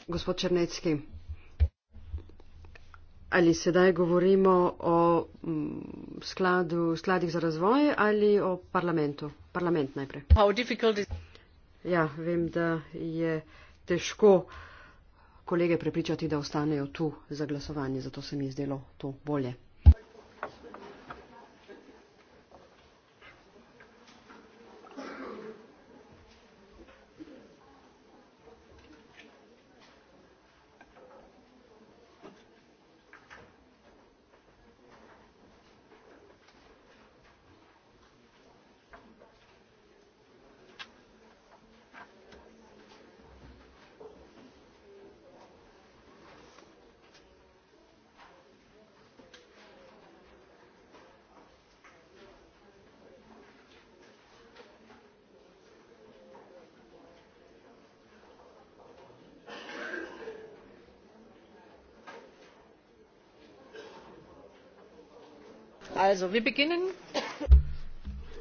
Speaker 2: gospod černecki ali sedaj govorimo o mm, skladu, skladih za razvoj ali o parlamentu parlament najprej ja vem da je težko kolege prepričati da ostanejo tu za glasovanje zato se mi je zdelo to bolje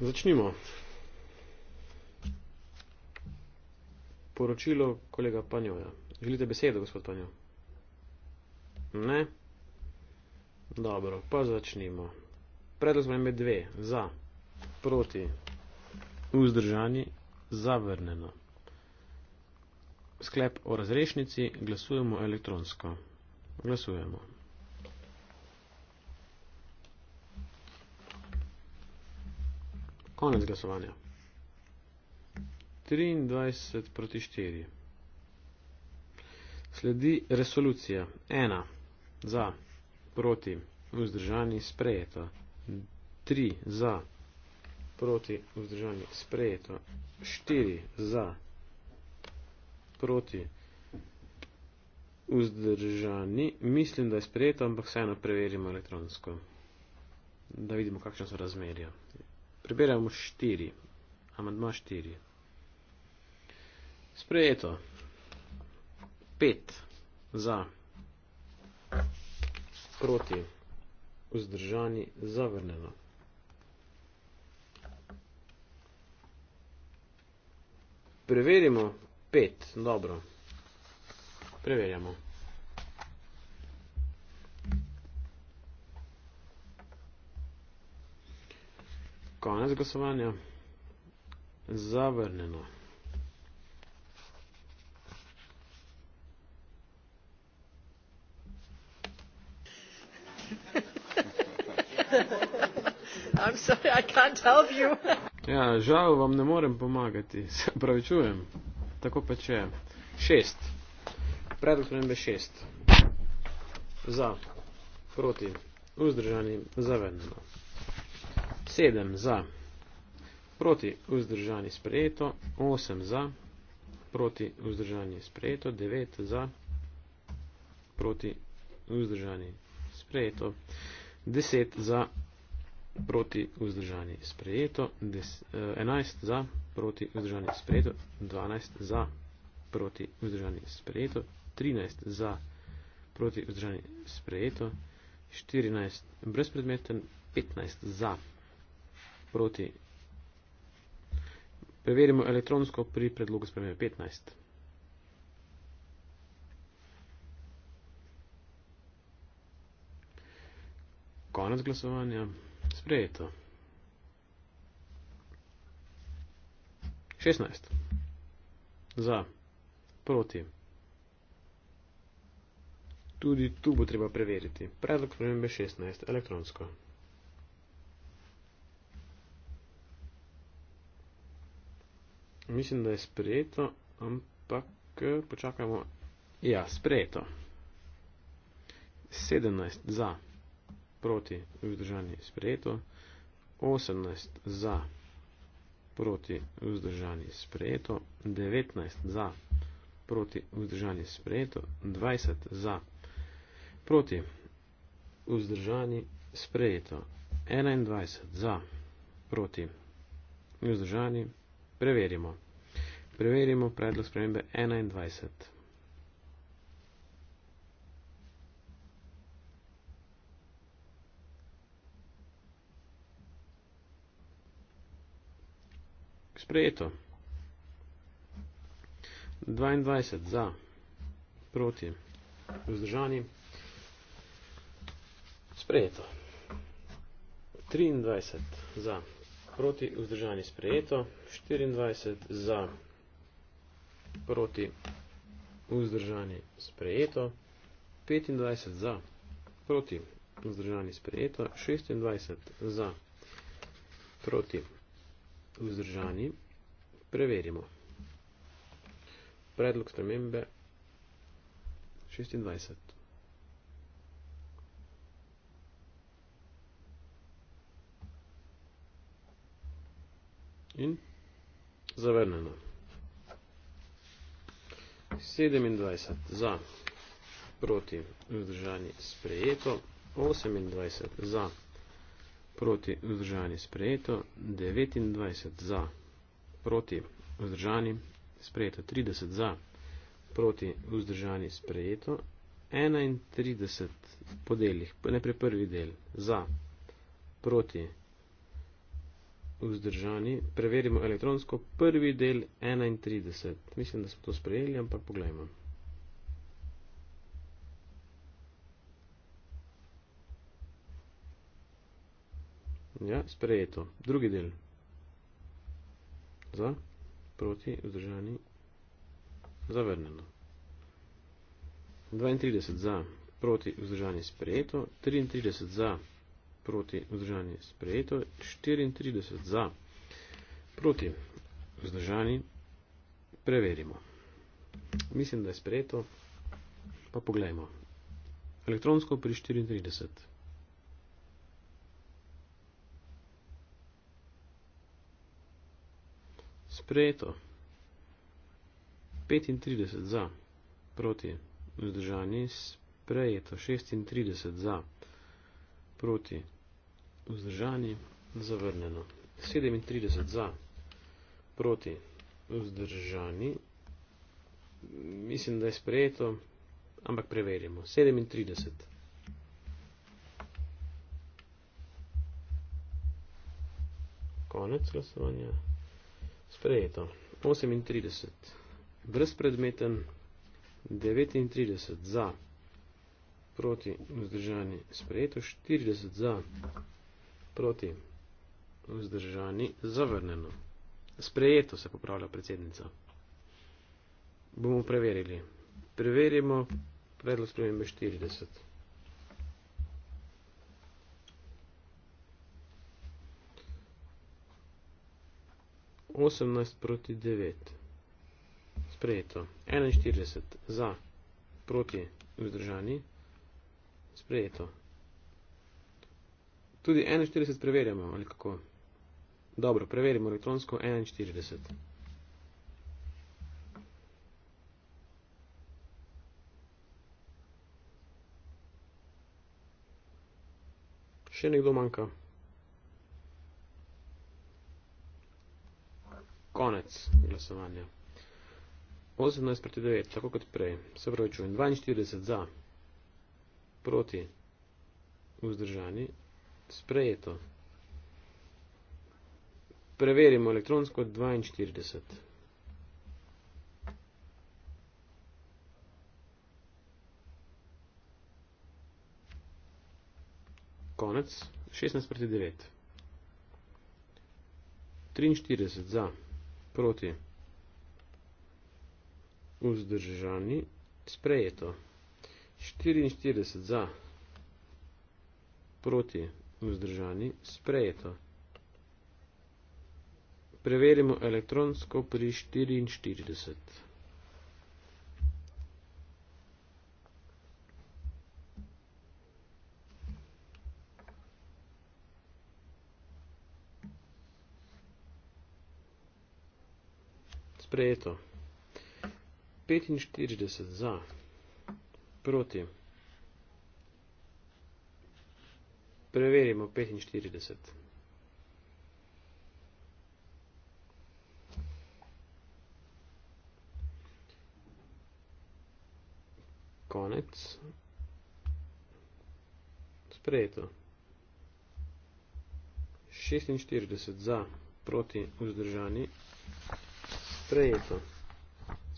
Speaker 1: začnimo. Poročilo kolega Panjoja. Želite besedo, gospod Panjo? Ne? Dobro, pa začnimo. Predlog smo imeli dve. Za, proti, vzdržani, zavrneno. Sklep o razrešnici glasujemo elektronsko. Glasujemo. Konec glasovanja. 23 proti 4. Sledi resolucija. 1. Za. Proti. Vzdržani. Sprejeto. 3. Za. Proti. Vzdržani. Sprejeto. 4. Za. Proti. Vzdržani. Mislim, da je sprejeto, ampak vseeno preverimo elektronsko. Da vidimo, kakšne so razmerja. Preberamo štiri. Amandma štiri. Sprejeto. Pet. Za. Proti. Vzdržani. Zavrneno. Preverimo. Pet. Dobro. Preverjamo. Konec glasovanja. Zavrnjeno.
Speaker 3: Sorry,
Speaker 1: ja, žal vam ne morem pomagati, se pravi čujem. Tako pa če. Šest. Predlog spremembe šest. Za. Proti. Vzdržani. Zavrnjeno. 7 za, proti vzdržani sprejeto, 8 za, proti vzdržani sprejeto, 9 za, proti vzdržani sprejeto, 10 za, proti vzdržani sprejeto, 11 eh, za, proti vzdržani sprejeto, 12 za, proti vzdržani sprejeto, 13 za, proti vzdržani sprejeto, 14 brezpredmeten, 15 za proti. Preverimo elektronsko pri predlogu spremembe 15. Konec glasovanja. Sprejeto. 16. Za. Proti. Tudi tu bo treba preveriti. Predlog spremembe 16. Elektronsko. Mislim, da je sprejeto, ampak eh, počakajmo. Ja, sprejeto. 17 za, proti vzdržanje sprejeto. 18 za, proti vzdržanje sprejeto. 19 za, proti vzdržanje sprejeto. 20 za, proti vzdržanje sprejeto. 21 za, proti vzdržanje sprejeto. Preverimo. Preverimo predlog spremembe 21. Sprejeto. 22 za, proti, vzdržani. Sprejeto. 23 za, proti vzdržani sprejeto, 24 za proti vzdržani sprejeto, 25 za proti vzdržani sprejeto, 26 za proti vzdržani. Preverimo. Predlog spremembe 26. in zavrnjeno. 27 za, proti vzdržanje sprejeto, 28 za, proti vzdržanje sprejeto, 29 za, proti vzdržanje sprejeto, 30 za, proti vzdržanje sprejeto, 31 po delih, najprej prvi del, za, proti vzdržanje sprejeto, vzdržani. Preverimo elektronsko. Prvi del 31. Mislim, da smo to sprejeli, ampak poglejmo. Ja, sprejeto. Drugi del. Za, proti, vzdržani. Zavrneno. 32 za, proti, vzdržani, sprejeto. 33 za, proti vzdržanje sprejeto, 34 za proti vzdržanje preverimo. Mislim, da je sprejeto, pa pogledajmo. Elektronsko pri 34. Sprejeto. 35 za proti vzdržanje sprejeto, 36 za proti vzdržanje vzdržani, zavrnjeno. 37 za, proti, vzdržani, mislim, da je sprejeto, ampak preverimo. 37. Konec glasovanja. Sprejeto. 38. Brezpredmeten. 39 za. Proti vzdržani. Sprejeto. 40 za. Proti. Vzdržani. Zavrneno. Sprejeto se popravlja predsednica. Bomo preverili. Preverimo predlog spremembe 40. Osemnaest proti devet. Sprejeto. Enaštirideset za proti vzdržani. Sprejeto. Tudi 41 preverjamo, ali kako. Dobro, preverimo elektronsko 41. Še nekdo manjka. Konec glasovanja. 18 proti 9, tako kot prej. Se pravi, čujem 42 za, proti vzdržani, sprejeto. Preverimo elektronsko 42. Konec 16 proti 9. 43 za proti vzdržani sprejeto. 44 za proti vzdržani, sprejeto. Preverimo elektronsko pri 44. Sprejeto. 45 za. Proti. Preverimo 45. Konec. Sprejeto. 46 za proti vzdržani. Sprejeto.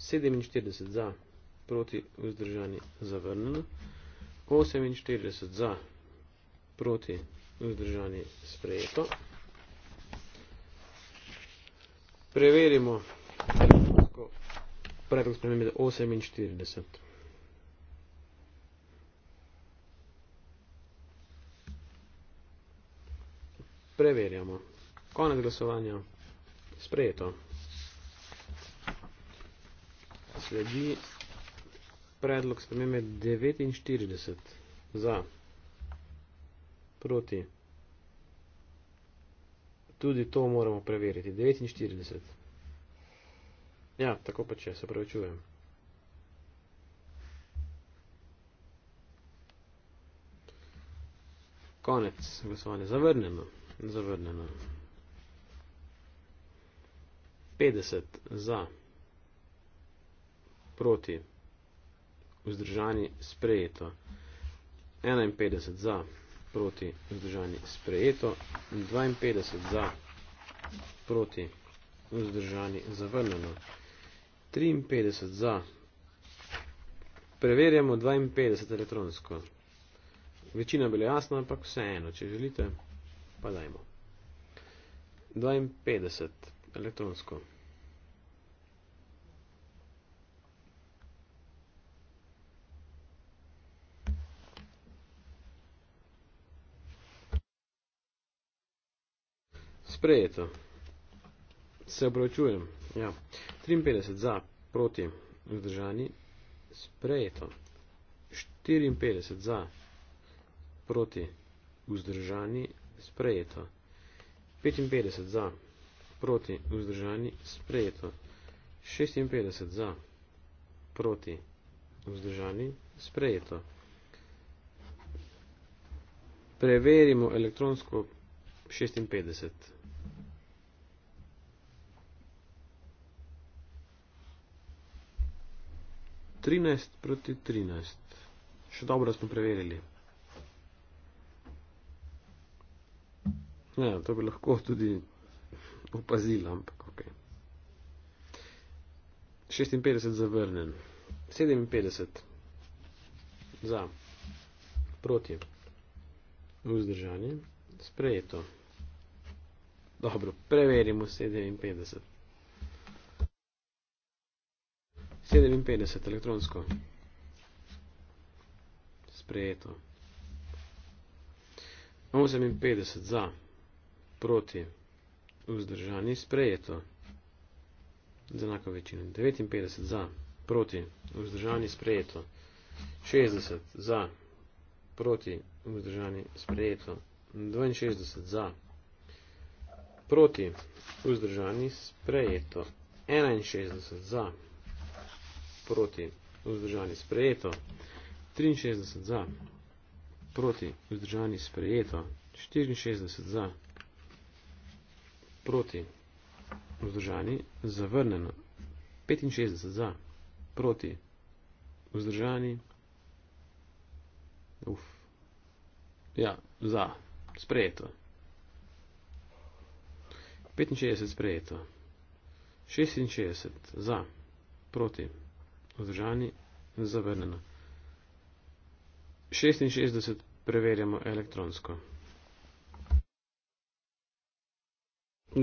Speaker 1: 47 za proti vzdržani zavrnjeno. 48 za proti vzdržani proti vzdržani sprejeto. Preverimo predlog spremembe 48. Preverjamo. Konec glasovanja. Sprejeto. Sledi predlog spremembe 49 za proti. Tudi to moramo preveriti. 49. Ja, tako pa če, se pravi čujem. Konec glasovanja. Zavrnjeno. Zavrnjeno. 50 za. Proti. Vzdržani sprejeto. 51 za proti vzdržani sprejeto, 52 za proti vzdržani zavrnjeno, 53 za, preverjamo 52 elektronsko, večina bila jasna, ampak vseeno, če želite, pa dajmo, 52 elektronsko. sprejeto. Se obročujem. Ja. 53 za, proti, vzdržani, sprejeto. 54 za, proti, vzdržani, sprejeto. 55 za, proti, vzdržani, sprejeto. 56 za, proti, vzdržani, sprejeto. Preverimo elektronsko 56. 13 proti 13. Še dobro smo preverili. Ja, to bi lahko tudi opazili, ampak ok. 56 zavrnen. 57 za proti vzdržanje. Sprejeto. Dobro, preverimo 57. 57 elektronsko. Sprejeto. 58 za, proti, vzdržani, sprejeto. Z enako večino. 59 za, proti, vzdržani, sprejeto. 60 za, proti, vzdržani, sprejeto. 62 za, proti, vzdržani, sprejeto. 61 za, proti, vzdržani sprejeto, 63 za, proti, vzdržani sprejeto, 64 za, proti, vzdržani, zavrneno, 65 za, proti, vzdržani, uf, ja, za, sprejeto, 65 sprejeto, 66 za, proti, vzdržani, vzdržani, zavrnjeno. 66 preverjamo elektronsko.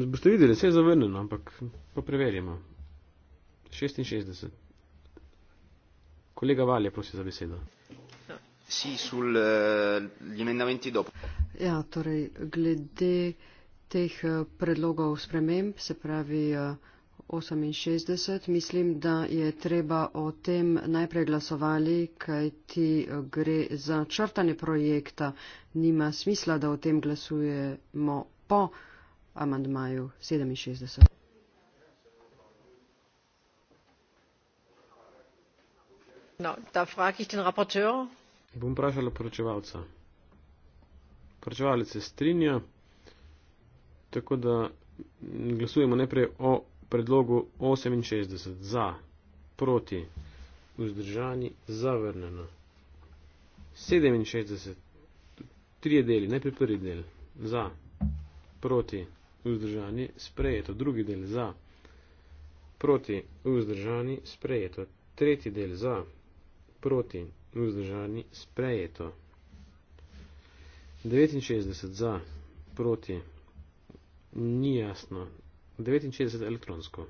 Speaker 1: Boste videli, vse je zavrnjeno, ampak pa preverjamo. 66. Kolega Valje, prosi za besedo. Si sul eh, gli emendamenti dopo.
Speaker 2: Ja, torej, glede teh eh, predlogov sprememb, se pravi, eh, 68. Mislim, da je treba o tem najprej glasovali, kaj ti eh, gre za črtanje projekta. Nima smisla, da o tem glasujemo po amandmaju 67.
Speaker 3: No, da frag ich den raporteur.
Speaker 1: Bom vprašala poročevalca. Poročevalec se strinja, tako da glasujemo najprej o predlogu 68 za, proti, vzdržani, zavrnjeno. 67, trije deli, najprej prvi del, za, proti, vzdržani, sprejeto, drugi del, za, proti, vzdržani, sprejeto, tretji del, za, proti, vzdržani, sprejeto. 69 za, proti, ni jasno, 69 elektronsko.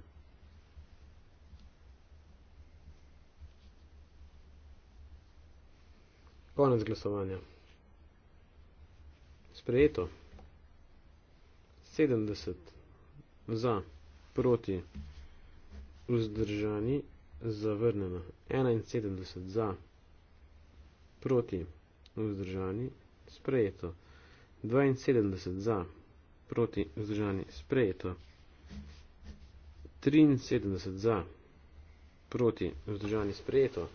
Speaker 1: Konec glasovanja. Sprejeto. 70 za, proti, vzdržani, zavrnjeno. 71 za, proti, vzdržani, sprejeto. 72 za, proti, vzdržani, sprejeto. 73 za, proti, vzdržani sprejeto,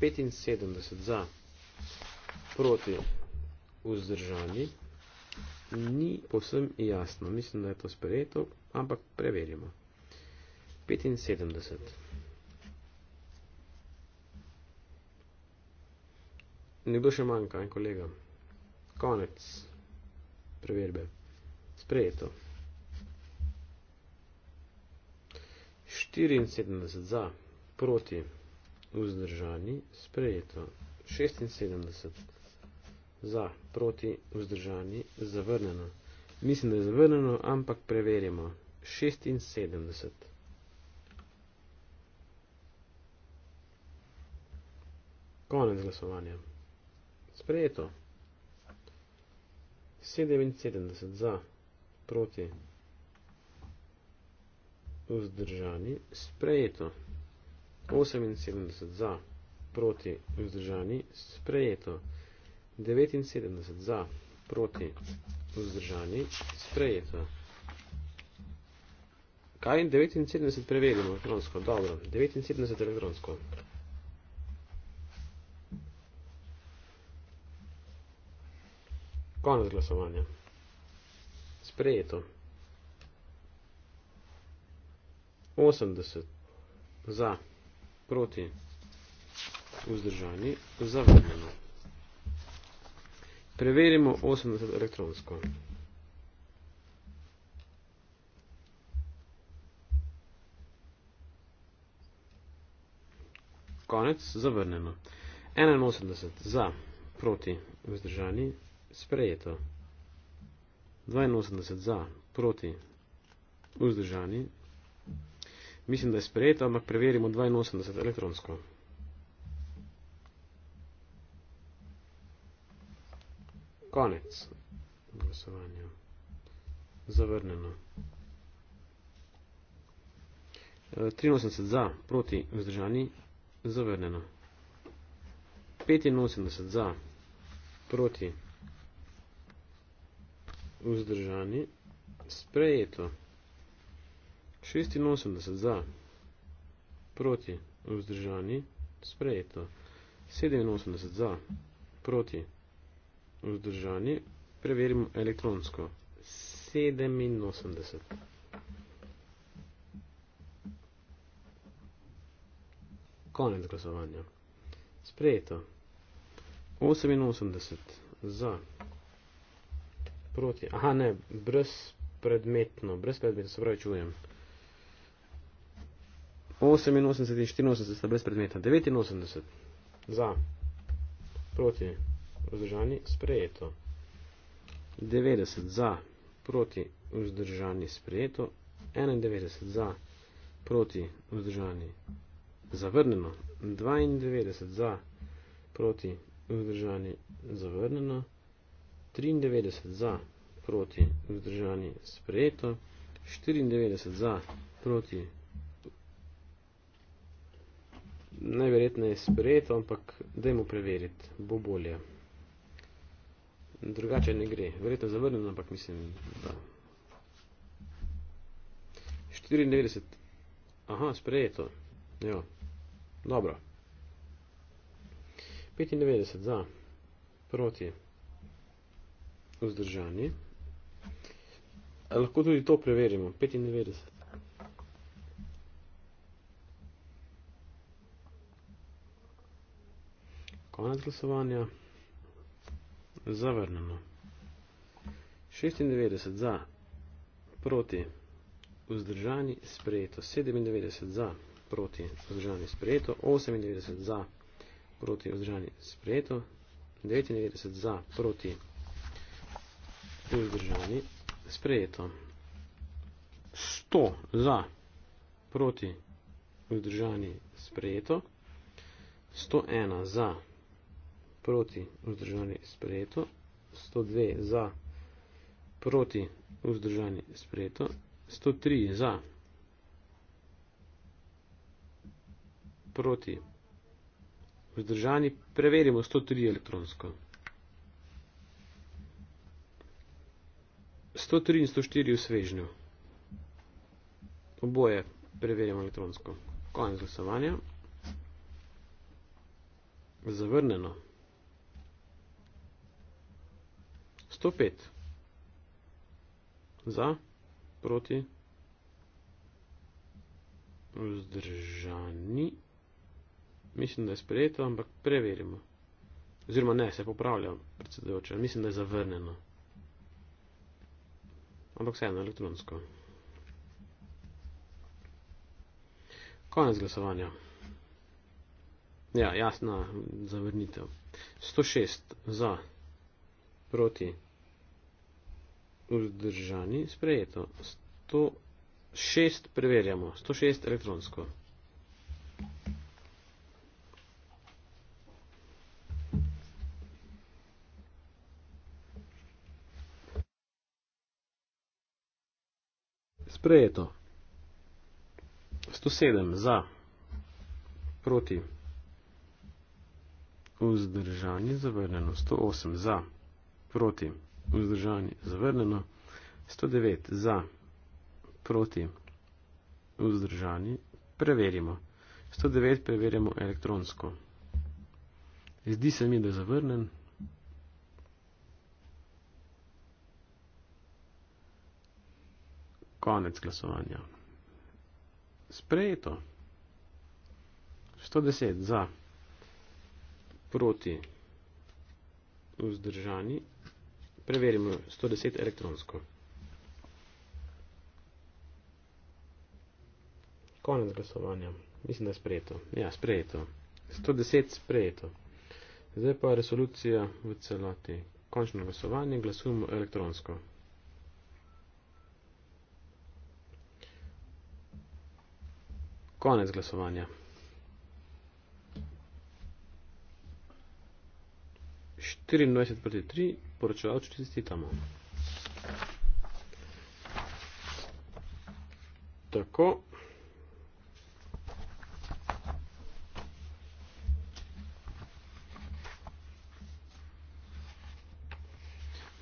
Speaker 1: 75 za, proti, vzdržani, ni povsem jasno, mislim, da je to sprejeto, ampak preverimo. 75. Nekdo še manjka, en kolega. Konec preverbe. Sprejeto. 74 za, proti, vzdržani, sprejeto. 76 za, proti, vzdržani, zavrnjeno. Mislim, da je zavrnjeno, ampak preverjamo. 76. Konec glasovanja. Sprejeto. 77 za, proti, vzdržani vzdržani, sprejeto. 78 za, proti, vzdržani, sprejeto. 79 za, proti, vzdržani, sprejeto. Kaj je 79 prevedeno elektronsko? Dobro, 79 elektronsko. Konec glasovanja. Sprejeto. 80 za proti vzdržani zavrnjeno. Preverimo 80 elektronsko. Konec zavrnjeno. 81 za proti vzdržani sprejeto. 82 za proti vzdržani Mislim, da je sprejeta, ampak preverimo 82 elektronsko. Konec glasovanja. Zavrnjeno. 83 e, za, proti vzdržani, zavrnjeno. 85 za, proti vzdržani, sprejeto. 86 za, proti, vzdržani, sprejeto. 87 za, proti, vzdržani, preverimo elektronsko. 87. Konec glasovanja. Sprejeto. 88 za, proti, aha ne, brez predmetno, brez predmetno, se pravi čujem. 88 in 84 sta brez predmeta. 89 za, proti, vzdržani, sprejeto. 90 za, proti, vzdržani, sprejeto. 91 za, proti, vzdržani, zavrneno. 92 za, proti, vzdržani, zavrneno. 93 za, proti, vzdržani, sprejeto. 94 za, proti, vzdržani, najverjetneje sprejeto, ampak dajmo preveriti, bo bolje. Drugače ne gre. Verjetno zavrnem, ampak mislim, da. 94. Aha, sprejeto. Jo. Ja. Dobro. 95 za. Proti. Vzdržani. Lahko tudi to preverimo. 95. konec glasovanja. Zavrnemo. 96 za, proti, vzdržani, sprejeto. 97 za, proti, vzdržani, sprejeto. 98 za, proti, vzdržani, sprejeto. 99 za, proti, vzdržani, sprejeto. 100 za, proti, vzdržani, sprejeto. 101 za, proti, vzdržani, sprejeto proti vzdržanje sprejeto, 102 za proti vzdržanje sprejeto, 103 za proti vzdržanje, preverimo 103 elektronsko. 103 in 104 v svežnju. Oboje preverjamo elektronsko. Konec glasovanja. Zavrneno. 105. Za, proti, vzdržani. Mislim, da je sprejeto, ampak preverimo. Oziroma ne, se popravljam, predsedujoče. Mislim, da je zavrneno. Ampak vse eno elektronsko. Konec glasovanja. Ja, jasna zavrnitev. 106 za, proti, vzdržani vzdržani, sprejeto. 106 preverjamo, 106 elektronsko. Sprejeto. 107 za, proti, vzdržani, zavrneno, 108 za, proti, vzdržani vzdržani, zavrnjeno, 109 za, proti, vzdržani, preverimo. 109 preverimo elektronsko. Zdi se mi, da je zavrnen. Konec glasovanja. Sprejeto. 110 za, proti, vzdržani, Preverimo 110 elektronsko. Konec glasovanja. Mislim, da je sprejeto. Ja, sprejeto. 110 sprejeto. Zdaj pa resolucija v celoti. Končno glasovanje. Glasujemo elektronsko. Konec glasovanja. 24 proti 3 poročevalcu čestitamo. Tako.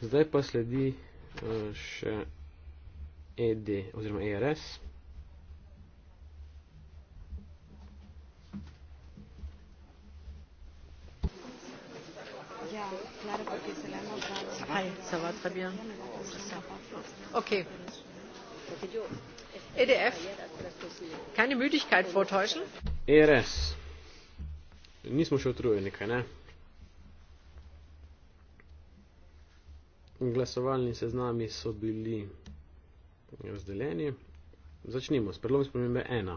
Speaker 1: Zdaj pa sledi eh, še ED oziroma ERS.
Speaker 3: bien. Okay. EDF, keine Müdigkeit vortäuschen.
Speaker 1: ERS, nismo še utrujeni, kaj ne? Glasovalni seznami so bili razdeljeni. Začnimo s predlogom spremembe 1.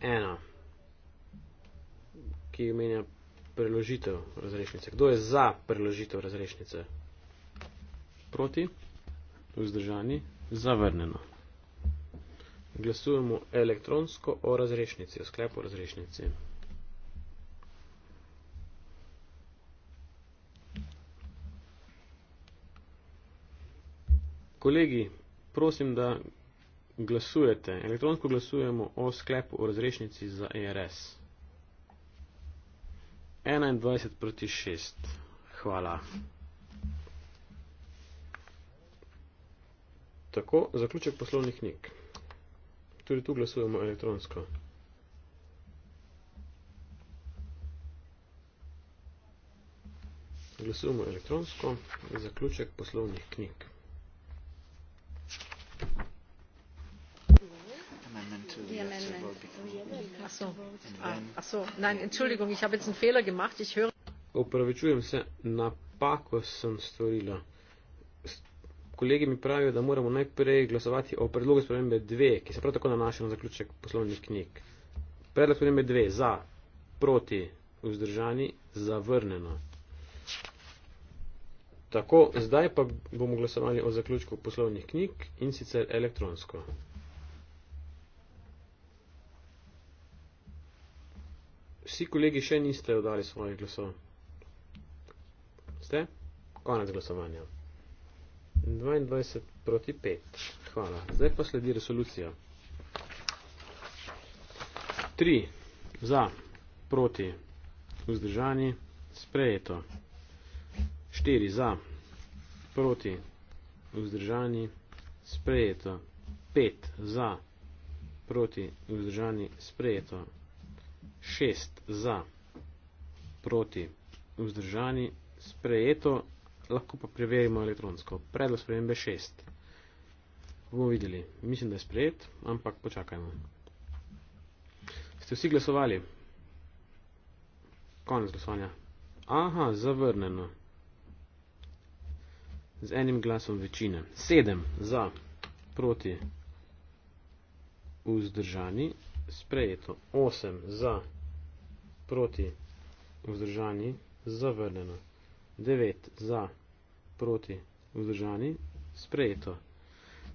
Speaker 1: 1. Ki omenja preložitev razrešnice. Kdo je za preložitev razrešnice? proti, vzdržani, zavrnjeno. Glasujemo elektronsko o razrešnici, o sklepu razrešnici. Kolegi, prosim, da glasujete. Elektronsko glasujemo o sklepu o razrešnici za ERS. 21 proti 6. Hvala. Tako, zaključek poslovnih knjig. Tudi tu glasujemo elektronsko. Glasujemo elektronsko, zaključek poslovnih knjig. Ah, Opravičujem se, napako sem storila kolegi mi pravijo, da moramo najprej glasovati o predlogu spremembe 2, ki se prav tako nanaša na zaključek poslovnih knjig. Predlog spremembe 2 za, proti, vzdržani, zavrnjeno. Tako, zdaj pa bomo glasovali o zaključku poslovnih knjig in sicer elektronsko. Vsi kolegi še niste oddali svojih glasov. Ste? Konec glasovanja. 22 proti 5. Hvala. Zdaj pa sledi resolucija. 3 za, proti, vzdržani, sprejeto. 4 za, proti, vzdržani, sprejeto. 5 za, proti, vzdržani, sprejeto. 6 za, proti, vzdržani, sprejeto lahko pa preverimo elektronsko. Predlog spremembe 6. Bomo videli. Mislim, da je sprejet, ampak počakajmo. Ste vsi glasovali? Konec glasovanja. Aha, zavrneno. Z enim glasom večine. 7 za proti vzdržani. Sprejeto. 8 za proti vzdržani. Zavrneno. 9 za, proti, vzdržani, sprejeto.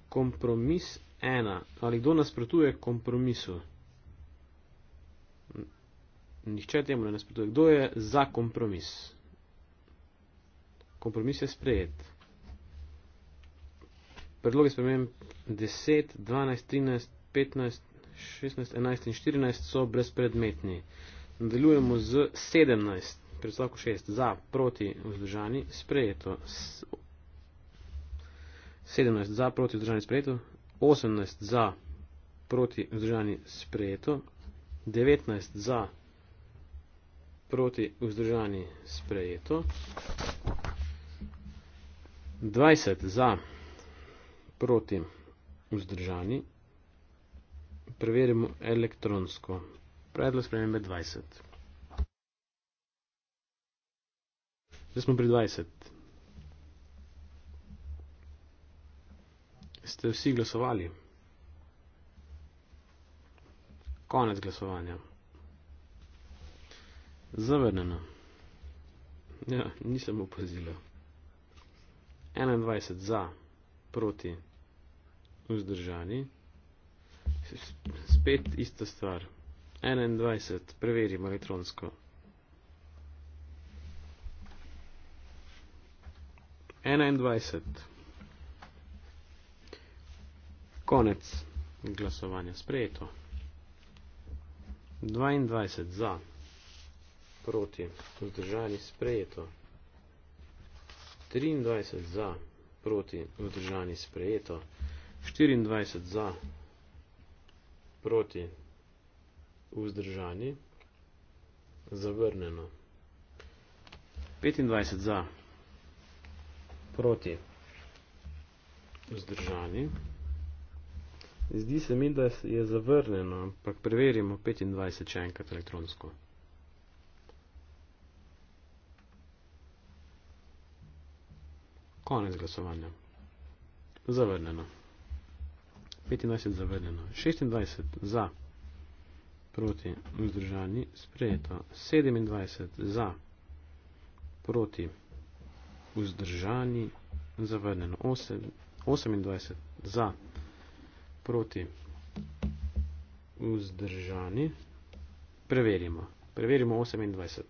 Speaker 1: Kompromis 1. Ali kdo nasprotuje kompromisu? Nihče temu ne nasprotuje. Kdo je za kompromis? Kompromis je sprejet. Predloge spremem 10, 12, 13, 15, 16, 11 in 14 so brezpredmetni. Nadaljujemo z 17 pri odstavku 6 za proti vzdržani sprejeto, 17 za proti vzdržani sprejeto, 18 za proti vzdržani sprejeto, 19 za proti vzdržani sprejeto, 20 za proti vzdržani, preverimo elektronsko. Predlo spremembe 20. Zdaj smo pri 20. Ste vsi glasovali? Konec glasovanja. Zavrnjeno. Ja, nisem opazila. 21 za, proti, vzdržani. Spet ista stvar. 21, preverimo elektronsko. 21. Konec glasovanja sprejeto. 22 za, proti, vzdržani sprejeto. 23 za, proti, vzdržani sprejeto. 24 za, proti, vzdržani, zavrneno. 25 za, proti, vzdržani sprejeto proti. Zdržani. Zdi se mi, da je zavrnjeno, ampak preverimo 25 še enkrat elektronsko. Konec glasovanja. Zavrnjeno. 25 zavrnjeno. 26 za. Proti. Vzdržani. Sprejeto. 27 za. Proti vzdržani, zavrnjeno 28 za, proti vzdržani, preverimo, preverimo 28.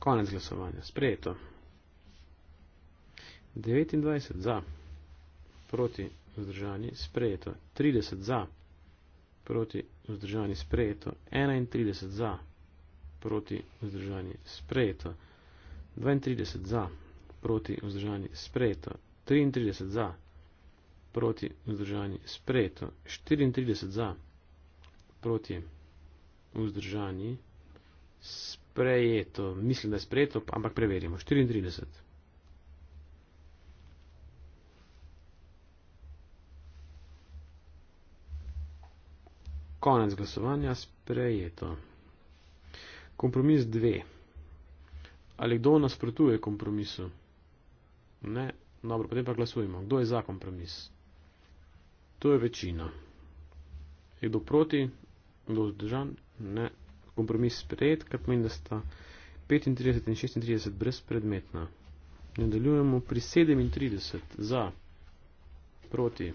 Speaker 1: Konec glasovanja, sprejeto. 29 za, proti vzdržani, sprejeto, 30 za, proti vzdržani, proti vzdržani sprejeto, 31 za, proti vzdržani sprejeto, 32 za, proti vzdržani sprejeto, 33 za, proti vzdržani sprejeto, 34 za, proti vzdržani sprejeto, mislim, da je sprejeto, ampak preverimo, 34 za. Konec glasovanja sprejeto. Kompromis 2. Ali kdo nasprotuje kompromisu? Ne. Dobro, potem pa glasujemo. Kdo je za kompromis? To je večina. Je kdo proti? Kdo zdržan? Ne. Kompromis sprejet, kar pomeni, da sta 35 in 36 brezpredmetna. Nadaljujemo pri 37 za proti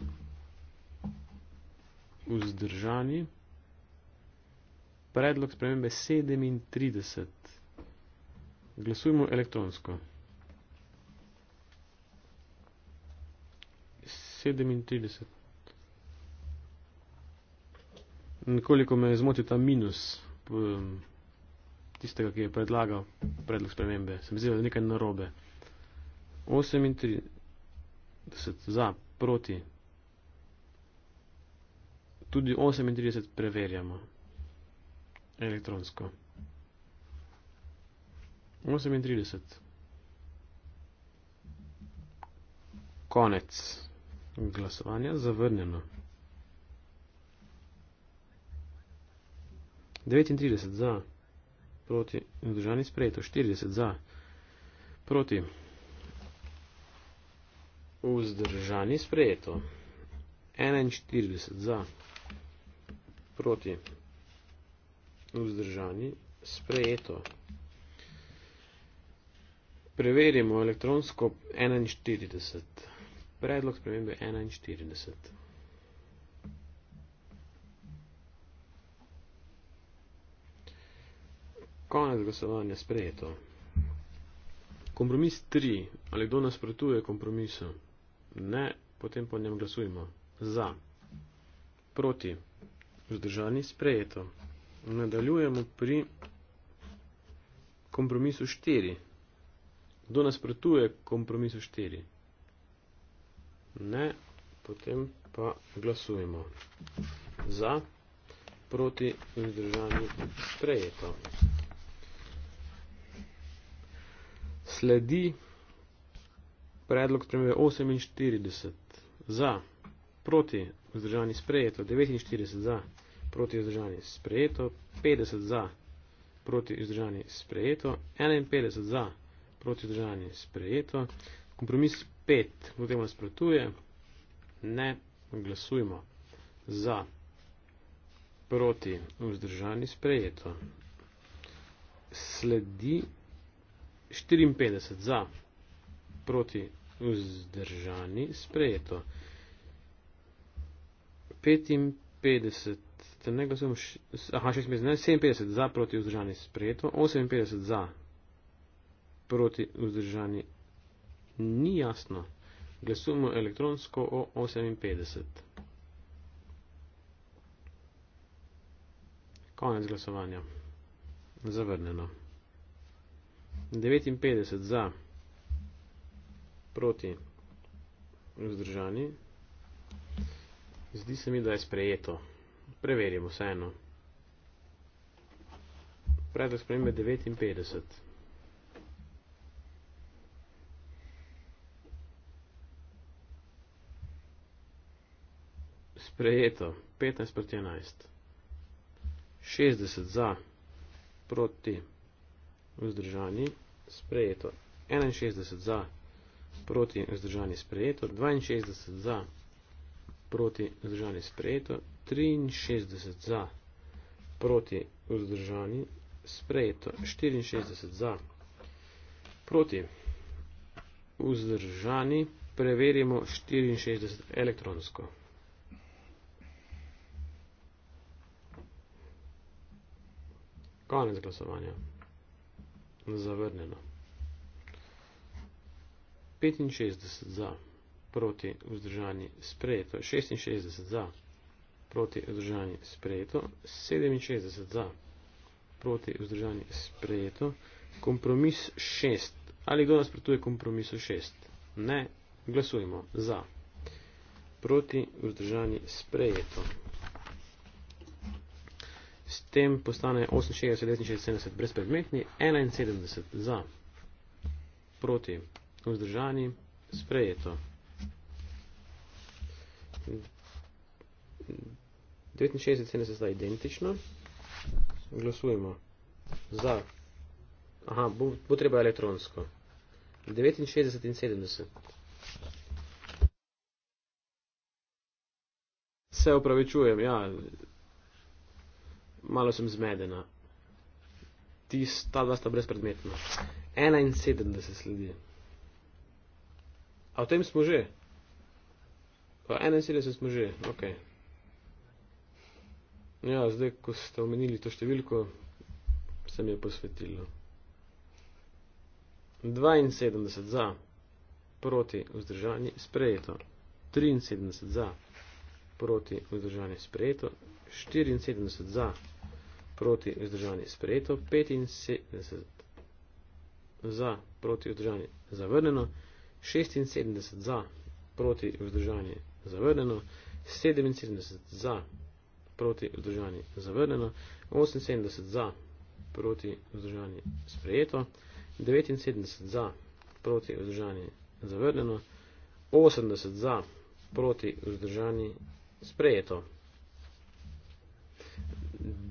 Speaker 1: vzdržani predlog spremembe 37. Glasujemo elektronsko. 37. Nekoliko me je zmotil ta minus um, tistega, ki je predlagal predlog spremembe. Se mi zdi, da je nekaj narobe. 38 za, proti. Tudi 38 preverjamo elektronsko. 38. Konec glasovanja, zavrnjeno. 39 za, proti, vzdržani sprejeto, 40 za, proti, vzdržani sprejeto, 41 za, proti, vzdržani, sprejeto. Preverimo elektronsko 41. Predlog spremembe 41. Konec glasovanja sprejeto. Kompromis 3. Ali kdo nasprotuje kompromisu? Ne, potem po njem glasujemo. Za. Proti. Vzdržani sprejeto nadaljujemo pri kompromisu 4. Kdo nasprotuje kompromisu 4? Ne, potem pa glasujemo za, proti in zdržani sprejeto. Sledi predlog spremembe 48 za, proti, vzdržani sprejeto, 49 za proti izdržanje sprejeto, 50 za, proti izdržanje sprejeto, 51 za, proti izdržanje sprejeto, kompromis 5, kot temu nasprotuje, ne, glasujmo za, proti izdržanje sprejeto, sledi 54 za, proti izdržanje sprejeto, 55 se ne glasujem, š, aha, še smisel, ne, 57 za proti vzdržani sprejeto, 58 za proti vzdržani ni jasno. Glasujemo elektronsko o 58. Konec glasovanja. Zavrnjeno. 59 za proti vzdržani. Zdi se mi, da je sprejeto. Preverimo vseeno. Predlog spremembe 59. Sprejeto 15 proti 11. 60 za proti vzdržani. Sprejeto 61 za proti vzdržani. Sprejeto 62 za proti vzdržani. Sprejeto 63 za, proti vzdržani, sprejeto 64 za, proti vzdržani, preverimo 64 elektronsko. Konec glasovanja. Zavrneno. 65 za, proti vzdržani, sprejeto 66 za, proti vzdržani, proti vzdržanje sprejeto, 67 za proti vzdržanje sprejeto, kompromis 6. Ali kdo nasprotuje kompromisu 6? Ne, glasujemo za proti vzdržanje sprejeto. S tem postane 68, 69, 70 brezpredmetni, 71 za proti vzdržanje sprejeto. 69, 70 sta identično. Glasujemo za. Aha, bo, bo treba elektronsko. 69 in 70. Se opravičujem, ja. Malo sem zmedena. Ti sta dva sta brezpredmetna. 71 sledi. A v tem smo že. 71 smo že, okej. Okay. Ja, zdaj, ko ste omenili to številko, se mi je posvetilo. 72 za, proti vzdržanje sprejeto. 73 za, proti vzdržanje sprejeto. 74 za, proti vzdržanje sprejeto. 75 za, proti vzdržanje zavrneno. 76 za, proti vzdržanje zavrneno. 77 za, proti vzdržanje zavrneno proti vzdržani zavrnjeno, 78 za proti vzdržani sprejeto, 79 za proti vzdržani zavrnjeno, 80 za proti vzdržani sprejeto.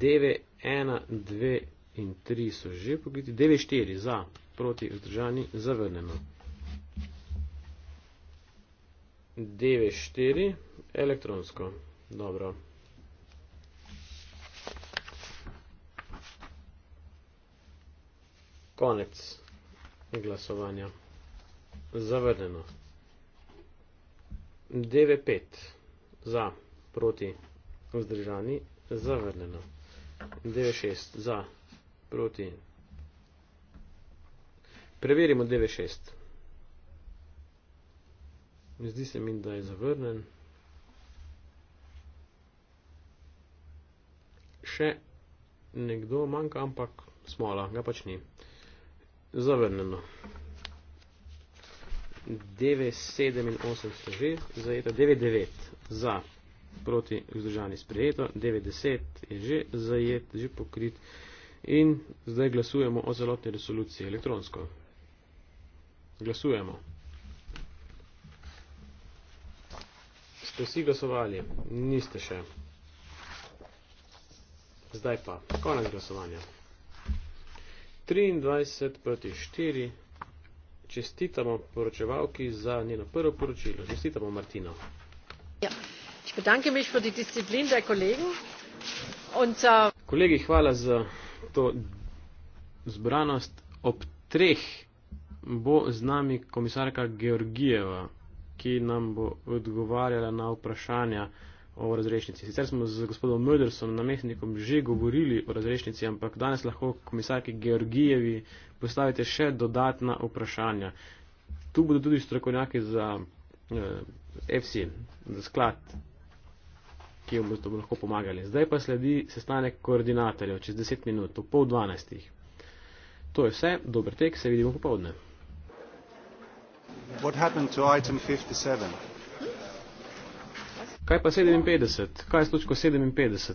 Speaker 1: 9, 1, 2 in 3 so že pogledi, 9, 4 za proti vzdržani zavrnjeno. 9, 4 elektronsko. Dobro. Konec glasovanja. Zavrnjeno. DV5 za proti vzdržani. Zavrnjeno. DV6 za proti. Preverimo DV6. Zdi se mi, da je zavrnen. Še nekdo manjka, ampak smola ga pač ni zavrnjeno. 9,7 in 8 ste že zajeta, 9,9 za proti vzdržani sprejeto, 9,10 je že zajet, že pokrit in zdaj glasujemo o celotni resoluciji elektronsko. Glasujemo. Ste vsi glasovali? Niste še. Zdaj pa, konec glasovanja. 23 proti 4. Čestitamo poročevalki za njeno prvo poročilo. Čestitamo Martino.
Speaker 3: Ja. Ich bedanke mich für die Disziplin der Kollegen.
Speaker 1: Und, uh, Kolegi, hvala za to zbranost. Ob treh bo z nami komisarka Georgijeva, ki nam bo odgovarjala na vprašanja o razrešnici. Sicer smo z gospodom Mödersom, namestnikom, že govorili o razrešnici, ampak danes lahko komisarki Georgijevi postavite še dodatna vprašanja. Tu bodo tudi strokovnjaki za eh, FC, za sklad, ki jim bodo lahko pomagali. Zdaj pa sledi sestanek koordinatorjev čez 10 minut, v pol 12. To je vse, dober tek, se vidimo popovdne. What happened to item 57? kaj pa sedeminpetdeset kaj je s točko sedeminpetdeset?